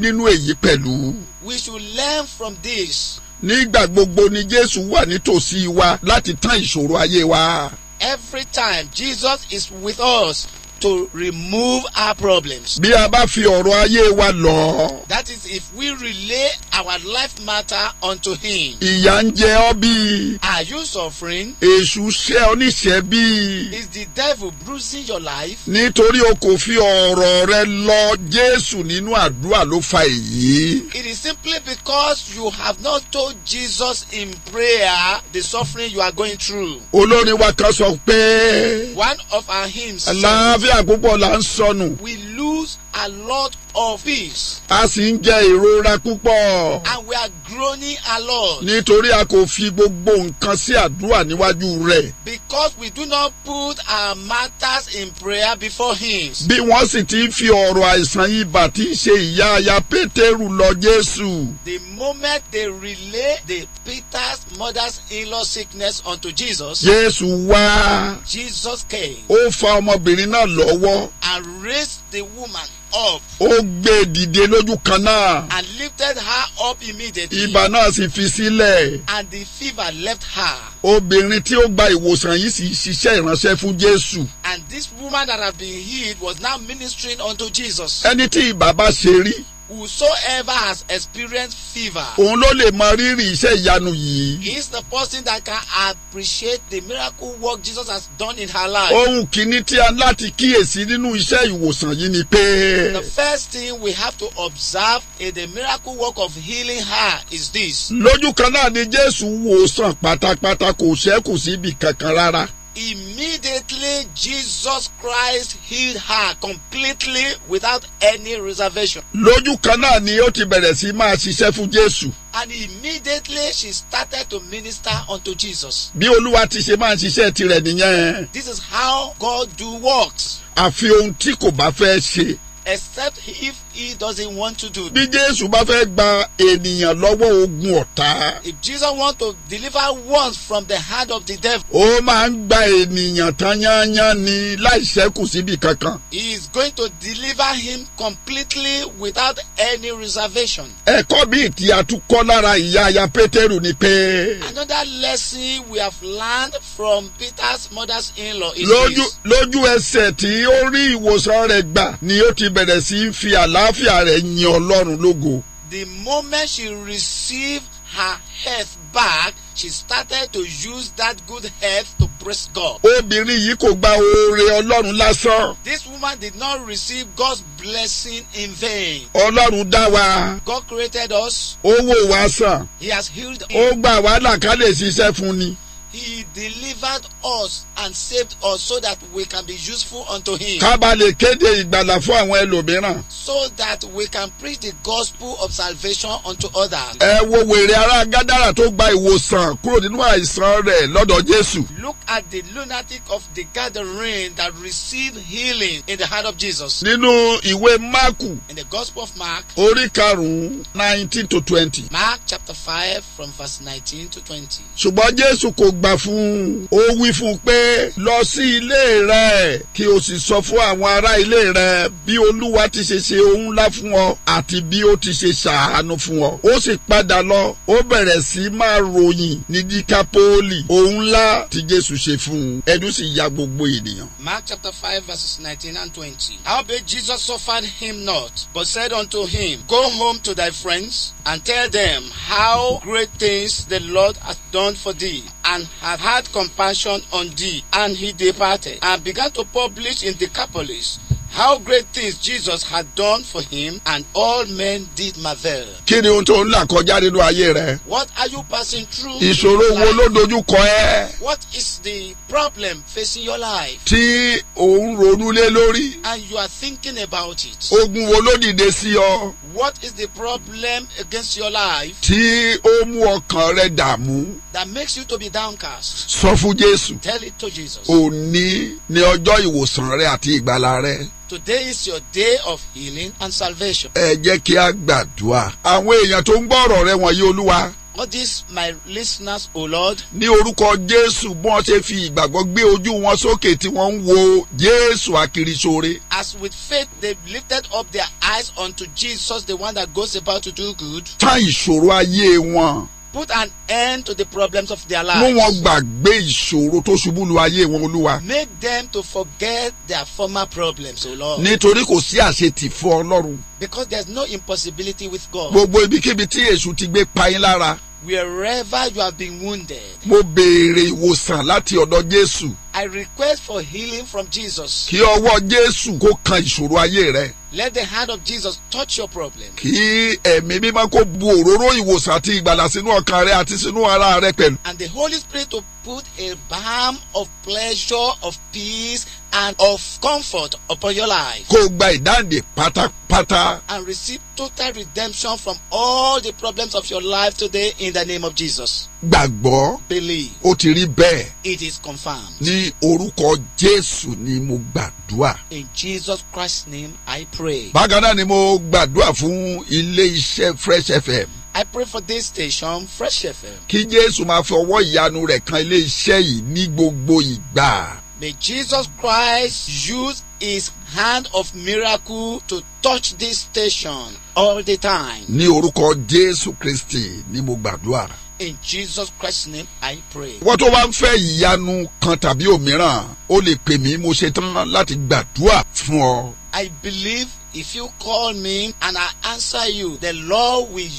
nínú èyí pẹ̀lú. we should learn from this. nígbà gbogbo ni Jésù wà nítòsí wa láti tán ìṣòro ayé wa. every time Jesus is with us to remove our problems. bí a bá fi ọ̀rọ̀ ayé wa lọ. that is if we relay our life matter unto him. ìyà ń jẹ ọ́ bí. are you suffering? èṣù ṣẹ́ oníṣẹ́ bí. is the devil bruising your life? nítorí o kò fi ọ̀rọ̀ rẹ lọ Jésù nínú àdúrà ló fa èyí. it is simply because you have not told Jesus in prayer the suffering you are going through. olórin wa kan sọ pé. one of our hymns. aláàbí àlàáfíà púpọ̀ là ń sọnù. we lose a lot of fish. a sì ń jẹ ìrora púpọ̀. and we are groaning a lot. nítorí a kò fi gbogbo nǹkan sí àdúrà níwájú rẹ̀. because we do not put our matters in prayer before him. bí wọ́n sì ti fi ọ̀rọ̀ àìsàn ibà tí í ṣe ìyá aya pétérù lọ jésù. the moment they relay the Peter's mother's in-law sickness unto Jesus. Jésù wá. Jesus came. Ó fa ọmọbìnrin náà lọ́wọ́. And raised the woman up. Ó gbé e dìde lójú kan náà. And lifted her up immediately. Ibà náà sì fi sílẹ̀. And the fever left her. Obìnrin tí ó gba ìwòsàn yìí sì ṣiṣẹ́ ìránṣẹ́ fún Jésù. And this woman that had been healed was now ministering unto Jesus. Ẹni tí ibà bá ṣe rí whosoever has experienced fever. òun ló lè mọ rírì iṣẹ́ ìyanu yìí. he is the person that can appreciate the miracle work Jesus has done in her life. ohun kìíní tí a láti kíyèsí nínú iṣẹ́ ìwòsàn yìí ni pé. the first thing we have to observe in the miracle work of healing her is this. lójú kan náà ni Jésù wòsàn pátápátá kò ṣẹ́kù síbi kankan rárá immediately Jesus Christ healed her completely without any reservation. lójú kan náà ni ó ti bẹ̀rẹ̀ sí máa ṣiṣẹ́ fún Jésù. and immediately she started to minister unto Jesus. bí Olúwa ti ṣe máa ṣiṣẹ́ tirẹ̀ nìyẹn. this is how God do works. àfi ohun tí kò bá fẹ́ ṣe. except if he doesn't want to do. bí jésù bá fẹ́ gba ènìyàn lọ́wọ́ ogun ọ̀tá. if Jesus want to deliver once from the hand of the devil. ó máa ń gba ènìyàn tán yányán ni láìṣẹ́kù síbi kankan. he is going to deliver him completely without any reservation. ẹ̀kọ́ bíi tí a lára ìyá aya pétérù ni pé. another lesson we have learned from Peter's mother's in-law is lójú, this. lójú ẹsẹ̀ tí ó rí ìwòsàn rẹ̀ gbà ni ó ti bẹ̀rẹ̀ sí í fi àlá àlàáfíà rẹ̀ yin ọlọ́run lógo. The moment she received her health back she started to use that good health to praise God. obìnrin yìí kò gba oore ọlọ́run lásán. this woman did not receive God's blessing in vain. ọlọ́run dá wa. God created us. ó wò wá sàn. he has healed ó gbà wá là ṣiṣẹ́ fún ni. He delivered us and saved us so that we can be useful unto him. Ká lè kéde ìgbàlà fún àwọn ẹlòmíràn. So that we can preach the gospel of salvation unto others. Ẹ wo wèrè ará Gádàrà tó gba ìwòsàn kúrò nínú àìsàn rẹ̀ lọ́dọ̀ Jésù. Look at the lunatic of the gathering that received healing in the heart of Jesus. Nínú ìwé Máàkù. In the gospel of Mark. Orí karùn-ún nineteen to twenty. Mark chapter five from verse nineteen to twenty. Ṣùgbọ́n Jésù kò gbà fún un ó wí fún un pé lọ sí ilé rẹ kí o sì sọ fún àwọn ará ilé rẹ bí olúwa ti ṣe ṣe ohun ńlá fún ọ àti bí ó ti ṣe ṣàánú fún ọ ó sì padà lọ ó bẹ̀rẹ̀ sí máa ròyìn ní díkápóòlì ohun ńlá tí jésù ṣe fún un ẹnu sì ya gbogbo ènìyàn. Mark chapter five verses nineteen and twenty. Howbeit Jesus suffered him not, but said unto him, Go home to thy friends and tell them how great things the Lord hath done for thee, and have had compassion on thee. And he departed and began to publish in Decapolis how great things Jesus had done for him and all men did marvel. Kí ni ohun tó ń là kọjá nínú ayé rẹ? What are you passing through? Ìṣòro wo ló dojú kọ ẹ́? What is the problem facing your life? Tí ò ronú lé lórí. And you are thinking about it. Ogun wo ló dìde sí ọ? What is the problem against your life? Tí ó mú ọkàn rẹ dààmú. That makes you to be downcast. Sọ fún Jésù. Tell it to Jesus. Òní ni ọjọ́ ìwòsàn rẹ àti ìgbàlà rẹ. Today is your day of healing and salvation. Ẹ jẹ́ kí a gbàdúrà. Àwọn èèyàn tó ń gbọ́ ọ̀rọ̀ rẹ wọ̀nyí Olúwa. All these my listeners, O oh Lord. Ní orúkọ Jésù bí wọ́n ṣe fi ìgbàgbọ́ gbé ojú wọn sókè tí wọ́n ń wo Jésù akiriṣore. As with faith they lifted up their eyes unto Jesus, the one that goes about to do good. Tán ìṣòro ayé wọn put an end to the problems of their lives. mú wọn gbàgbé ìṣòro tó ṣubú lu ayé wọn olúwa. make them to forget their former problems o lord. nítorí kò sí àṣetì fún ọlọ́run. because there is no impossibility with God. gbogbo ibikíbi tí èṣù ti gbé payín lára. wherever you have been wounded. mo béèrè ìwòsàn láti ọ̀dọ̀ jésù. I request for healing from Jesus. Kí ọwọ́ Jésù kó kan ìṣòro ayé rẹ. Let the hand of Jesus touch your problem. Kí ẹ̀mí mímọ́ kó bu òróró ìwòsàn àti ìgbàlà sínú ọkàn rẹ àti sínú ara rẹ pẹ̀lú. And the Holy Spirit to put a balm of pleasure, of peace, and of comfort upon your life. Kó gba ìdáǹdè pátápátá. And receive total redemption from all the problems of your life today in the name of Jesus gbàgbọ́. believe. ti rí bẹ́ẹ̀. it is confirmed. ní orúkọ jésù ni mo gbàdúrà. in jesus christ's name i pray. bákan náà ni mo gbàdúrà fún ilé iṣẹ́ fresh fm. I pray for this station Fresh FM. Kí Jésù máa fi ọwọ́ ìyanu rẹ̀ kan ilé iṣẹ́ yìí ní gbogbo ìgbà. May Jesus Christ use his hand of miracle to touch this station all the time. Ní orúkọ Jésù Kristi ni mo gbàdúrà in jesus christ name i pray. wọ́n tó bá ń fẹ́ ìyanu kan tàbí òmíràn ó lè pè mí mo ṣe tán láti gbàdúrà fún ọ. i believe if you call me and i answer you the lord will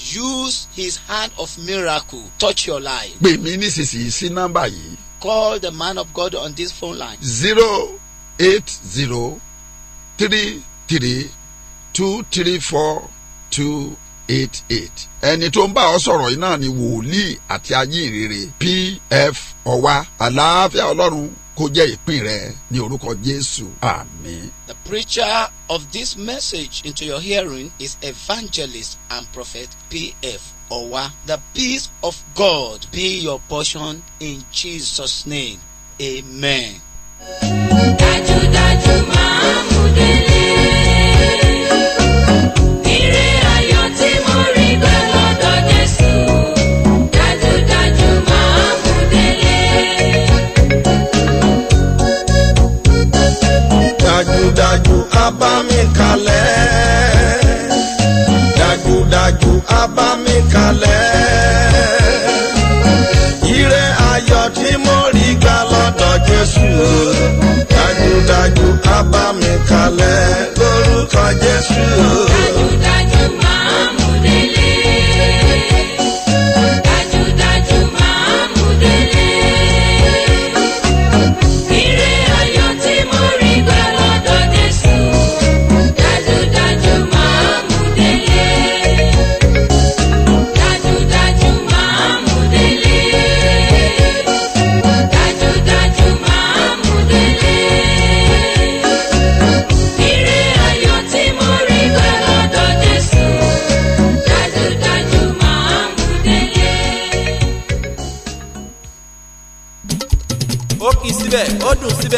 use his hand of miracle touch your life. pè mí nísinsìnyí sí nọ́mbà yìí. call the man of god on this phone line. zero eight zero three three two three four two eight eight ẹni tó ń bá ọ sọ̀rọ̀ yìí náà ni wòlíì àti ayéèrèrè pf ọwa àlàáfíà ọlọ́run kó jẹ́ ìpín rẹ ní orúkọ jésù àmín. the preacher of this message into your hearing is evangelist and prophet pf ọwa the peace of god be your portion in jesus name amen. dájúdájú máa mú délé. kalẹ̀ lórúkọ Jésù.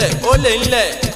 bẹ́ẹ̀ ó lè ń lẹ̀.